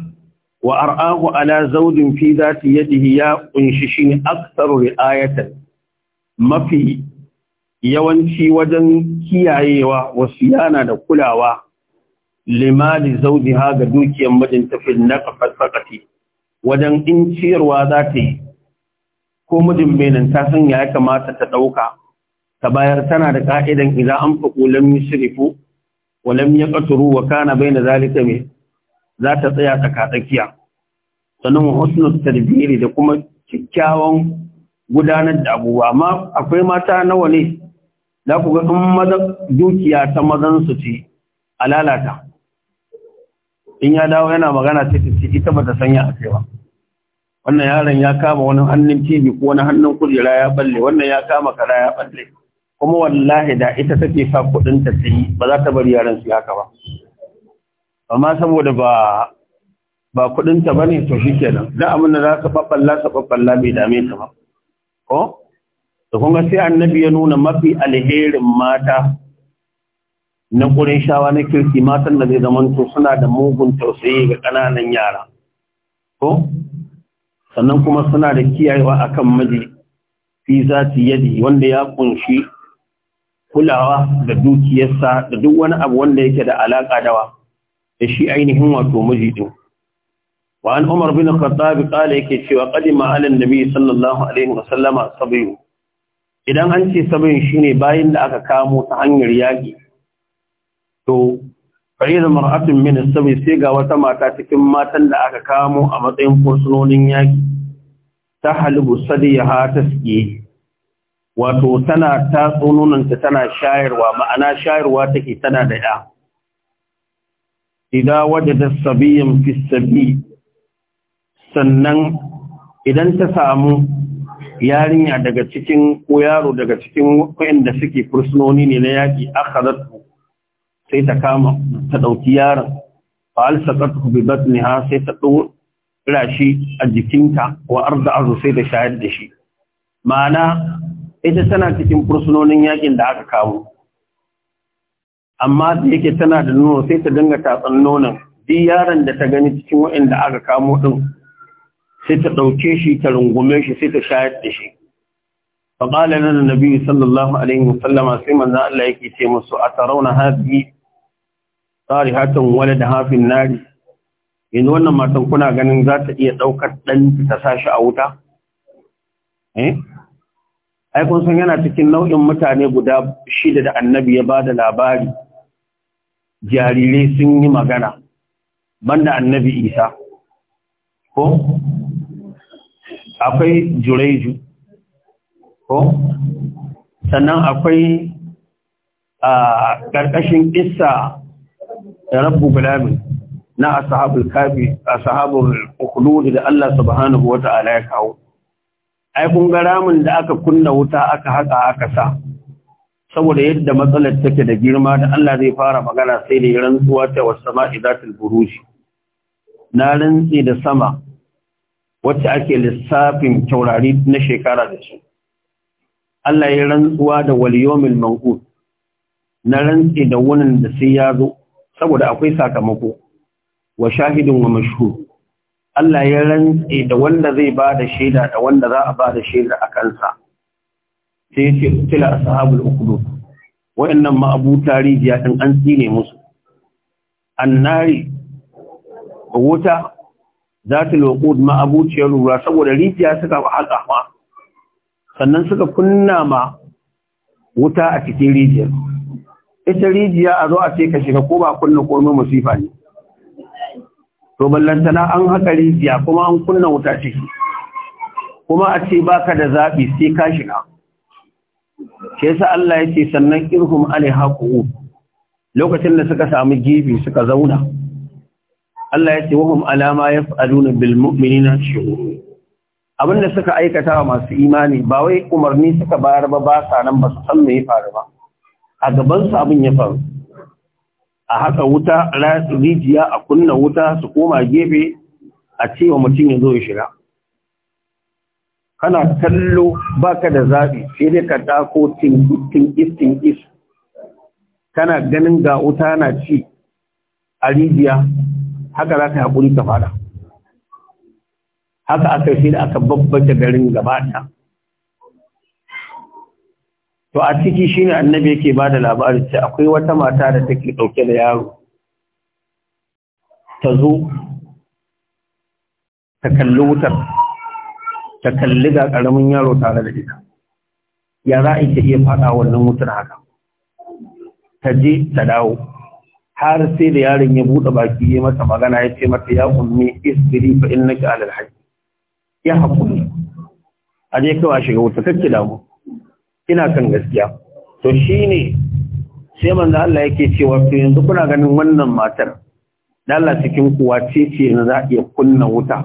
wa ar'ahu ala zaujin fi zati yadihi ya kunshi ne aksar ri'ayatan mafi yawanci wajen kiyayewa wasu yana da kulawa limali ha ga dukiyar mijinta tafi na faqati wajen in ciyarwa za ta yi ko mijin benin ta san ya kamata ta ɗauka? ta bayar tana da ka'idan idan an faƙo lam shirifu wa lam yaqturu wa kana baina zalika mai za ta tsaya tsakiya sannan husnul tarbiyyah da kuma kyakkyawan gudanar da abubuwa amma akwai mata nawa ne za ku ga sun dukiya ta mazansu ce a lalata in ya dawo yana magana sai ta ce ita ba ta sanya a ba. wannan yaron ya kama wani hannun tv ko wani hannun kujera ya balle wannan ya kama kara ya balle kuma wallahi da ita take sa kudin ta yi ba za ta bari yaran su haka ba amma saboda ba ba kudin ta bane to shikenan da amma na za ka babballa ka babballa bai dame ta ba ko da kuma sai annabi ya nuna mafi alherin mata na ƙurin shawa na kirki matan da zai zamanto suna da mugun tausayi ga ƙananan yara ko sannan kuma suna da kiyayewa akan miji fi zati yadi wanda ya kunshi kulawa da dukiyarsa da duk wani abu wanda yake da alaka dawa da shi ainihin wato miji din wa an umar bin khattab qala yake cewa qadima ala nabi sallallahu alaihi wasallama sabiyu idan an ce shi ne bayan da aka kamo ta hanyar yaƙi to fa'ida mar'atun min as-sabi sai ga wata mata cikin matan da aka kamo a matsayin fursunonin yaƙi ta halibu sadiyaha suke, wato tana ta tsununanta tana shayarwa ma'ana shayarwa take tana da ya idan wajada sabiyan fi sabi sannan idan ta samu yarinya daga cikin ko yaro daga cikin waɗanda suke fursunoni ne na yaƙi zartu sai ta kama ta ɗauki yaron fa alsaqatu bi ha sai ta ɗora shi a jikinta wa arda azu sai ta shayar da shi ma'ana ita tana cikin fursunonin yaƙin da aka kawo amma da yake tana da nuna sai ta dinga tatsan nonon duk yaron da ta gani cikin waɗanda aka kamo ɗin sai ta ɗauke shi ta rungume shi sai ta shayar da shi. Faɗaɗa nan da nabi sallallahu Alaihi wasallama sai manzan Allah yake ce masu a tarauna hafi tsari hatin wani da hafin nari. Yanzu wannan matan kuna ganin za ta iya ɗaukar ɗan ta sa shi a wuta? Eh? Ai, kun san yana cikin nau'in mutane guda shida da annabi ya ba da labari, jarirai sun yi magana, banda annabi Isa. Ko? akwai jureju ko sannan akwai a ƙarƙashin isa da rabu gulamin na ashabul kafi ashabul ukhlud da Allah subhanahu wata'ala ya kawo ai kun ga da aka kunna wuta aka haka aka sa saboda yadda matsalar take da girma da Allah zai fara magana sai da rantsuwa ta was sama'i zatul buruj na rantsi da sama wacce ake lissafin taurari na shekara da su Allah ya rantsuwa da waliyomin manqut na rantsi da wunin da sai ya zo saboda akwai sakamako wa shahidin wa mashhur Allah ya rantsi da wanda zai ba da shaida da wanda za a ba da shaida a kansa sai ya ce tila ashabul ukudu wayannan ma abu tarihi ya dan an tsine musu annari wuta ذات الوقود ma أبوتي ruwa saboda rijiya suka haƙa ma, sannan suka kunna ma wuta a cikin rijiyar ita rijiya a zo a ce ka shiga ko ba kunna ko mai musifa ne to ballantana an haƙa rijiya kuma an kunna wuta ciki kuma a ce ba ka da zaɓi sai ka shiga ke sa Allah ya sannan irhum alaiha qu'ud lokacin da suka samu gibi suka zauna Allah ya ce wahum alama yaf'aluna bil mu'minina shuhur da suka aikata wa masu imani ba wai umarni suka bayar ba ba sa nan ba su san me ya faru ba a gaban su abin ya faru a haka wuta rijiya a kunna wuta su koma gefe a cewa mutum ya zo ya shiga kana kallo baka da zaɓi' sai dai ka dako tin tin is kana ganin ga wuta na ci a rijiya haka za ka yi haƙuri ka fara haka aka shi da aka babbace garin gaba ta. to a ciki shine annabi yake ba da labarin ce akwai wata mata da take ɗauke da yaro ta zo ta kalli wutar ta kalli ga ƙaramin yaro tare da ita ya za a iya faɗa wannan wutar haka ta je ta dawo har sai da yaron ya buɗe baki ya mata magana ya ce mata ya ummi isbiri fa innaka ala hajj ya hakuri a je kawai shiga wuta kake damu ina kan gaskiya to shine sai manzo Allah yake cewa to yanzu kuna ganin wannan matar dan Allah cikin kuwa ce ce na za a iya kunna wuta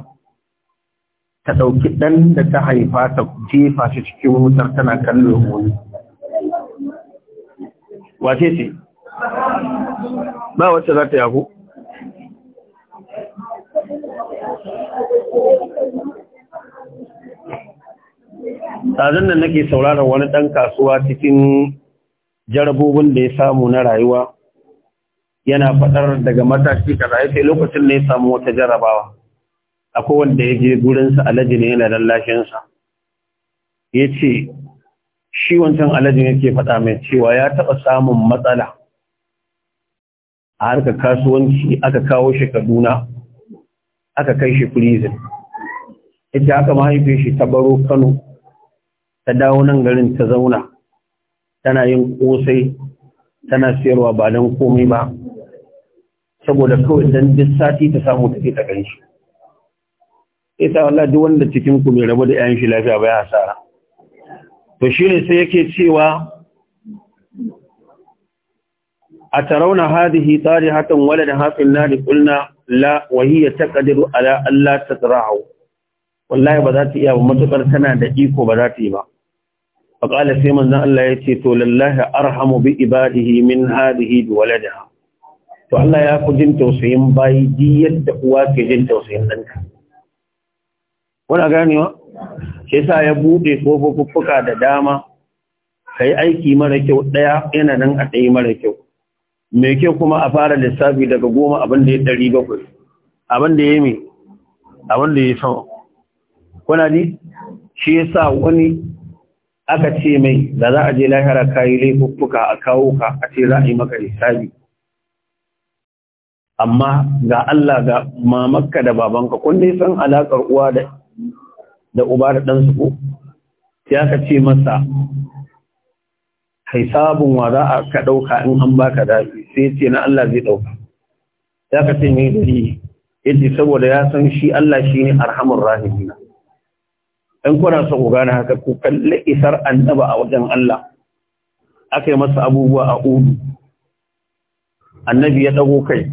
ta ɗauki ɗan da ta haifa ta jefa shi cikin wutar tana kallo wani wace ce ba wacce za ta yaku tazan nan nake sauraron wani ɗan kasuwa cikin jarabobin da ya samu na rayuwa yana faɗar daga matashi ka rayu sai lokacin da ya samu wata jarabawa akwai wanda ya je gurinsa alaji ne yana lallashinsa ya ce shi wancan alajin yake faɗa mai cewa ya taɓa samun matsala a harkar kasuwanci aka kawo shi kaduna aka kai shi prison ita aka mahaife shi ta baro kano ta dawo nan garin ta zauna tana yin kosai tana siyarwa ba don komai ba saboda kawai don duk sati ta samu tafi ta ganshi ita wallah duk wanda cikin ku mai rabu da 'yan shi lafiya ba ya hasara to ne sai yake cewa a tarauna hadihi tsari hakan wale da hafin na da ƙulna la wahiyar ta ƙadiru a la Allah ta tsirahu. Wallahi ba za ta iya ba matuƙar tana da iko ba za ta yi ba. Ba sai man zan Allah ya ce to lallahi arhamu bi ibadihi min hadihi bi wale da ha. To Allah ya fi jin tausayin bayi di yadda uwa ke jin tausayin ɗanka. Wani gane Ke sa ya buɗe kofofuffuka da dama ka yi aiki mara kyau ɗaya yana nan a ɗaya mara kyau. mai ke kuma a fara lissafi daga goma abin da ya ɗari bakwai abin da ya yi abin da ya sama kuna ji shi ya sa wani aka ce mai da za a je lahira kayi laifuffuka a kawo ka a ce za a yi maka lissafi amma ga Allah ga mamakka da babanka kun dai san alaƙar uwa da da uba da ɗansu ko sai aka ce masa hisabun wa za a ka ɗauka in an baka dafi sai ce na Allah zai ɗauka ya ka ce mai dalili yace saboda ya san shi Allah shine arhamur rahimina in kuna so ku gane haka ku kalli isar annaba a wajen Allah aka yi masa abubuwa a udu annabi ya dago kai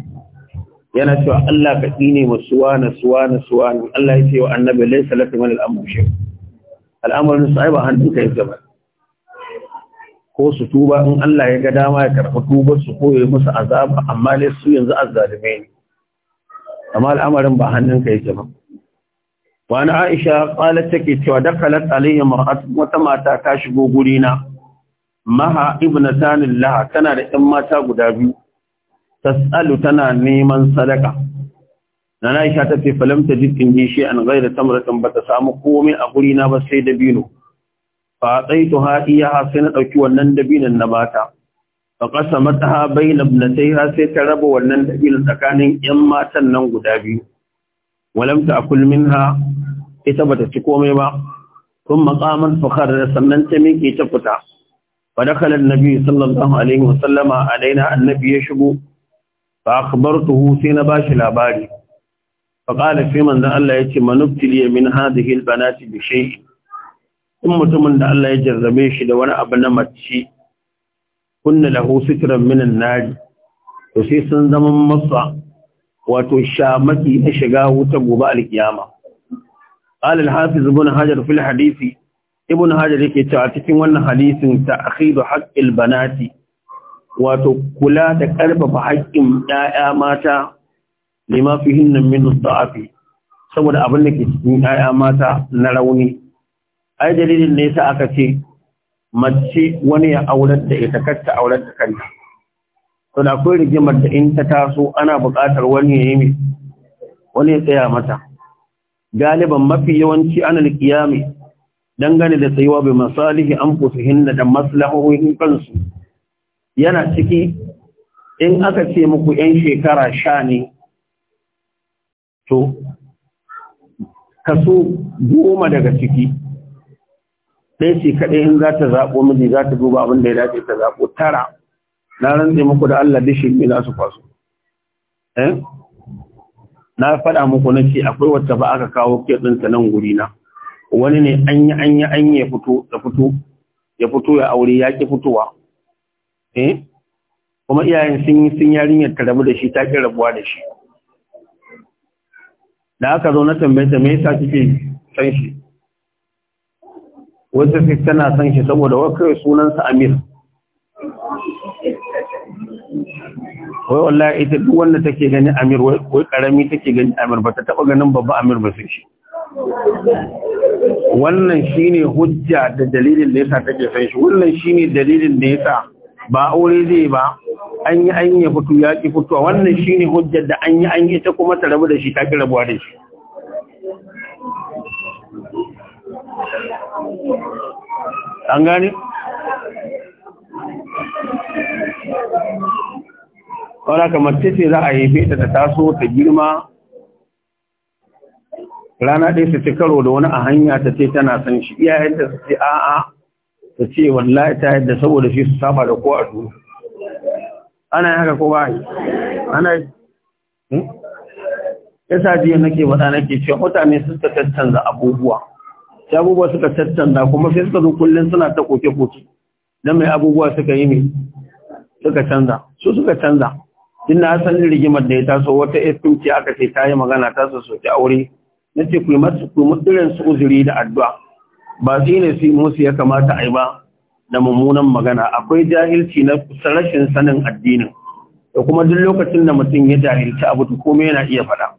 yana cewa Allah ka tsine mu suwana suwana suwana Allah ya ce wa annabi laysa lakum min al-amr shay al-amru hannun kai gaba ko su tuba in Allah ya ga dama ya karɓi tubar su ko musu azaba amma ne su yanzu azzalume ne amma al'amarin ba hannunka yake ba wani aisha qalat take cewa dakalat alayya mar'at wata mata ta shigo guri na maha ibn sanillah tana da 'yan mata guda biyu tasalu tana neman sadaka na aisha ta ce falam tajid an shay'an ghayra ba bata samu komai a guri na ba sai da bino fa taitu ha iya ha sai na ɗauki wannan dabinan na mata fa qasamataha bain ibnatayha sai ta raba wannan dabinan tsakanin yan matan nan guda biyu walam a akul minha ita bata ci komai ba kun maqaman fakhar sannan ta ta fita fa dakhala annabi sallallahu alaihi wa sallama alaina annabi ya shigo fa tuhu sai na bashi labari fa sai fi manzan Allah yace manubtiliya min hadhihi albanati bi shay'in in mutumin da Allah ya jarrabe shi da wani abu na mace kunna lahu sitran minan nari to sai sun zama masa wato shamaki na shiga wuta gobe alkiyama قال الحافظ ابن حجر في الحديث ابن حجر yake cewa cikin wannan hadisin ta'khidu haqqil banati wato kula da karfafa haƙƙin 'ya'ya mata lima fihinna min da'afi saboda abin da ke cikin 'ya'ya mata na rauni ai dalilin ne sa aka ce mace wani ya aurar da ita kacce aurar da kanta to da akwai rigimar da in ta taso ana buƙatar wani ya yi wani ya tsaya mata galiban mafi yawanci ana kiyami. dangane da tsayuwa bai masalihi an fusuhin da maslahohin kansu yana ciki in aka ce muku 'yan shekara sha ne to kaso goma daga ciki sai ce kaɗai in za ta zaɓo miji za ta duba abin da ya dace ta zaɓo tara na rantse muku da Allah dishi mai za su kwaso eh? na faɗa muku na ce akwai wacce ba aka kawo ɗinta nan guri na wani ne an yi an yi an ya fito ya fito ya fito ya aure ya ƙi fitowa eh? kuma iyayen sun yi sun yarinyar ta rabu da shi ta ƙi rabuwa da shi da aka zo na tambayta me yasa kike san shi wasu fi tana son shi saboda wakai sunansa amir wai wallahi ita duk wanda take gani amir wai karami take gani amir ba ta taba ganin babba amir ba sai shi wannan shine hujja da dalilin da yasa take son shi wannan shine dalilin da yasa ba aure zai ba an yi an yi fito ya ki fito? wannan shine hujjar da an yi an yi ta kuma ta rabu da shi ta ki rabuwa da shi an gani? wadda kamar ce za a haife ta ta taso ta girma rana ɗaya su ci karo da wani a hanya ta ce tana san shi yadda su ce a'a ta ce wallahi ta yadda saboda shi su saba da kowa a duniya ana yi haka ko ba yi ana yi hmm? ya sa jiya nake faɗa nake cewa mutane sun ta tattanza abubuwa sai abubuwa suka tattanda kuma sai suka zo kullum suna ta koke koke dan mai abubuwa suka yi mai suka canza su suka canza inna asalin rigimar da ya taso wata FMC aka ce ta yi magana ta so soke aure na ce ku yi masu su uzuri da addu'a ba su ne su musu ya kamata a yi ba da mummunan magana akwai jahilci na rashin sanin addinin da kuma duk lokacin da mutum ya jahilci abu to komai yana iya faɗa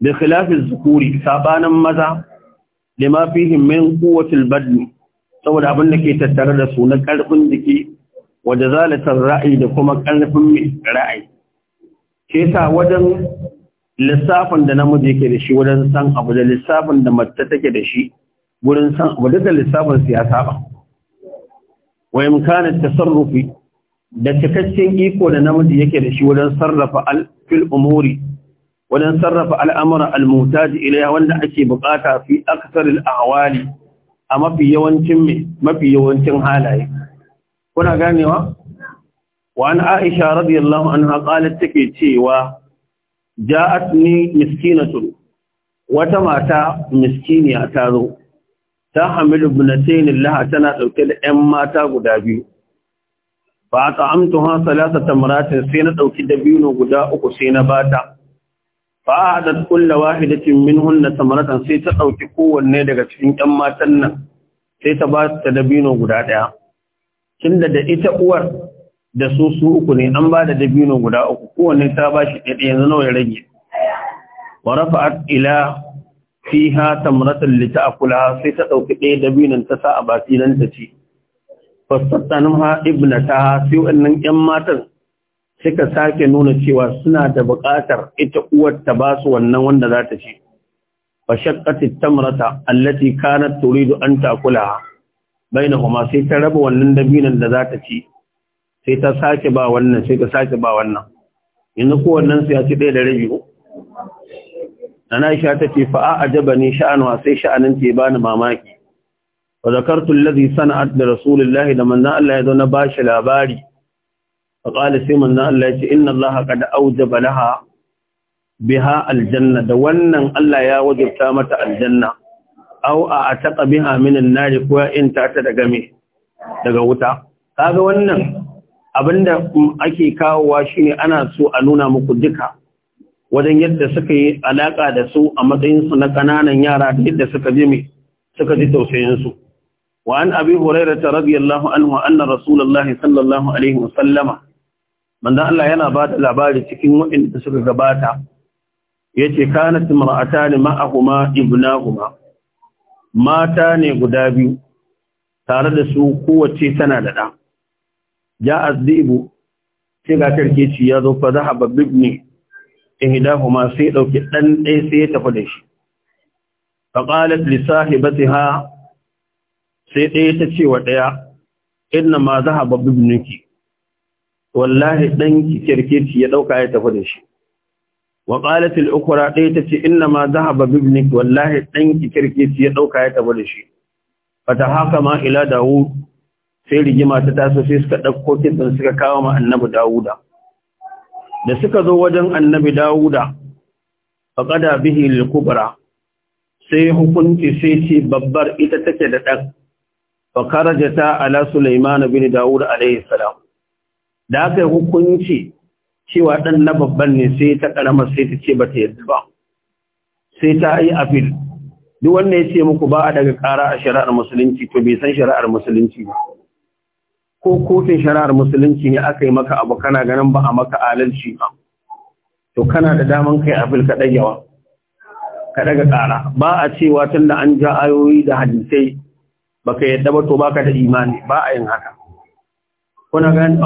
da khilafin zukuri sabanin maza lima fihim min quwwatil badn saboda abin da ke tattare da su na karfin jiki wa jazalatar ra'ayi da kuma karfin ra'ayi ke sa wajen lissafin da namiji yake da shi wajen san abu da lissafin da mace take da shi wurin san abu da lissafin siyasa ba wa imkanin tasarrufi da cikakken iko da namiji yake da shi wajen sarrafa alfil umuri wajen sarrafa al'amura al-mutaji ilaiha wanda ake bukata fi aksaril ahwali a mafi yawancin mafi yawancin halaye kuna ganewa wa an aisha radiyallahu anha qalat take cewa ja'atni miskinatun wata mata miskiniya ta zo ta hamilu bunatayn laha tana dauke da 'yan mata guda biyu fa ta amtuha salasata maratin sai na ɗauki dabino guda uku sai na bata fa'adat kulla wahidatin minhunna samaratan sai ta dauki kowanne daga cikin ƴan matan nan sai ta ba ta dabino guda daya tunda da ita uwar da su su uku ne an ba da dabino guda uku kowanne ta ba shi ɗaya yanzu nawa ya rage wa rafa'at ila fiha tamratan li ta'kula sai ta dauki ɗaya dabinon ta sa a baki dan ta ci fastattanha ibnata sai wannan ƴan matan suka sake nuna cewa suna da buƙatar ita uwar ta ba su wannan wanda za ta ci fa shaqqati tamrata allati kanat turidu an Baina kuma sai ta raba wannan dabinan da za ta ci sai ta sake ba wannan sai ta sake ba wannan yanzu ko wannan sai ya ci ɗaya da rabi ko ana isha ce fa a'jabani sha'anuha sai sha'anin ta bani mamaki wa zakartu allazi sana'at da rasulullahi da manzon Allah ya zo na bashi labari faƙali sai manzan Allah ya ce inna Allah qad aujaba biha aljanna da wannan Allah ya wajabta mata aljanna aw a ataqa biha min an-nar ko in ta ta daga me daga wuta kaga wannan abinda ake kawowa shine ana so a nuna muku duka wajen yadda suka yi alaƙa da su a matsayin na kananan yara da yadda suka ji me suka ji tausayin su wa an abi hurairah radiyallahu anhu anna sallallahu alaihi wasallama manzon Allah yana ba da labari cikin waɗanda suka gabata yace kanat mar'atani ma'ahuma ibnahuma mata ne guda biyu tare da su kowace tana da ɗa ja azibu sai ga karkeci ya zo fa zahaba bibni ihdahuma sai dauki dan ɗaya sai ya tafi da shi faƙalat lisahibatiha sai ɗaya ta ce wa ɗaya inna ma zahaba bibniki wallahi dan kirkirci ya dauka ya tafi da shi wa qalat al dai tace inna ma dhahaba ne, wallahi dan kirkirci ya dauka ya tafi da shi haka ma ila daud sai rigima ta taso sai suka ɗauko kitan suka kawo ma annabi Dawuda. da suka zo wajen annabi Dawuda, dauda faqada bihi lil kubra sai hukunci sai ce babbar ita take da dan fakarajata ala sulaiman bin Dawud alayhi salam da aka yi hukunci cewa ɗan na babban ne sai ta ƙarama sai ta ce ba ta yadda ba sai ta yi afil duk wanda ya ce muku ba a daga ƙara a shari'ar musulunci to bai san shari'ar musulunci ba ko kofin shari'ar musulunci ne aka yi maka abu kana ganin ba a maka alalci ba to kana da daman kai afil ka ɗagewa ka daga ƙara ba a cewa tun da an ja ayoyi da hadisai baka yadda ba to baka da imani ba a yin haka kuna gani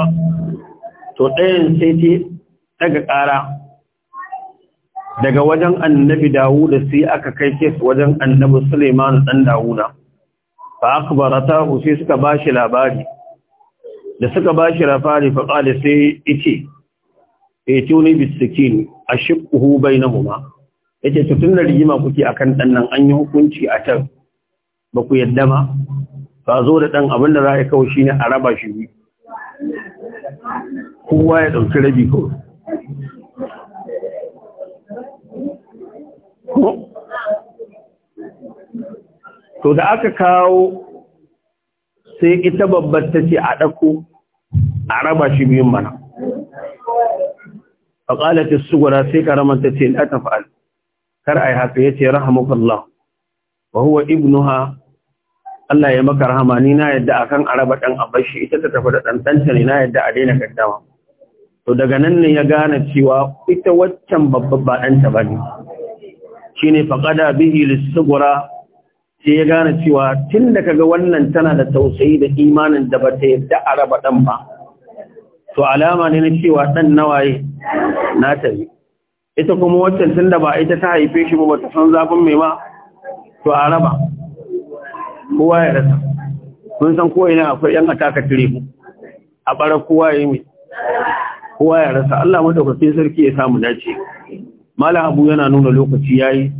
to ɗayan sai ta daga ƙara daga wajen annabi dawuda sai aka kai kes wajen annabi suleiman ɗan dawuda fa akbarata sai suka ba shi labari da suka ba shi labari fa ƙali sai ice e tuni bisikin a shiƙuhu bai na huma ya ce da rigima kuke akan ɗan nan an yi hukunci a can ba ku yadda ma ba zo da ɗan abin da za a kawo shi ne a raba shi kowa ya ɗauki rabi ko to da aka kawo sai ita babbar ta ce a ɗako a raba shi biyun mana a ƙalata sugura sai ƙaramar ta ce ɗata fa’al kar a yi haka ya ce rahamukallah wa huwa ha. Allah ya maka rahama ni na yadda akan araba dan abashi ita ta tafi da dan danta ne na yadda a daina kaddama to daga nan ne ya gane cewa ita waccan babba ba ta bane shine faqada bihi lis-sughra sai ya gane cewa tun da kaga wannan tana da tausayi da imanin da bata yadda araba dan ba to alama ne na cewa dan nawaye na tabi ita kuma waccan tun da ba ita ta haife shi ba ta san zafin mai ma to araba kowa ya rasa kun san ko ina akwai yan ataka tire mu a bara kowa ya yi kowa ya rasa Allah madaukakin sarki ya samu dace malam abu yana nuna lokaci yayi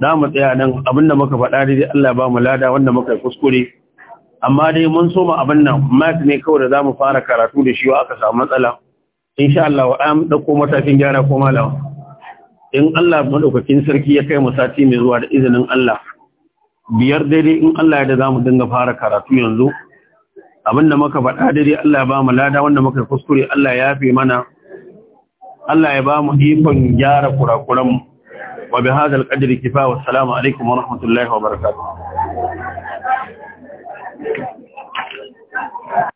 za mu tsaya nan abinda muka faɗa dai Allah ba mu lada wanda muka kuskure amma dai mun soma abin nan mat ne kawai da zamu fara karatu da shi wa aka samu matsala insha Allah wa am dauko matakin gyara ko malam in Allah madaukakin sarki ya kai mu sati mai zuwa da izinin Allah biyar daidai in Allah ya da za dinga fara karatu yanzu abinda muka faɗa daidai Allah ya ba mu lada wanda muka kuskure Allah ya yafe mana Allah ya ba mu ikon gyara kurakuran mu wa bi hadal qadri kifa wa assalamu alaikum wa rahmatullahi wa barakatuh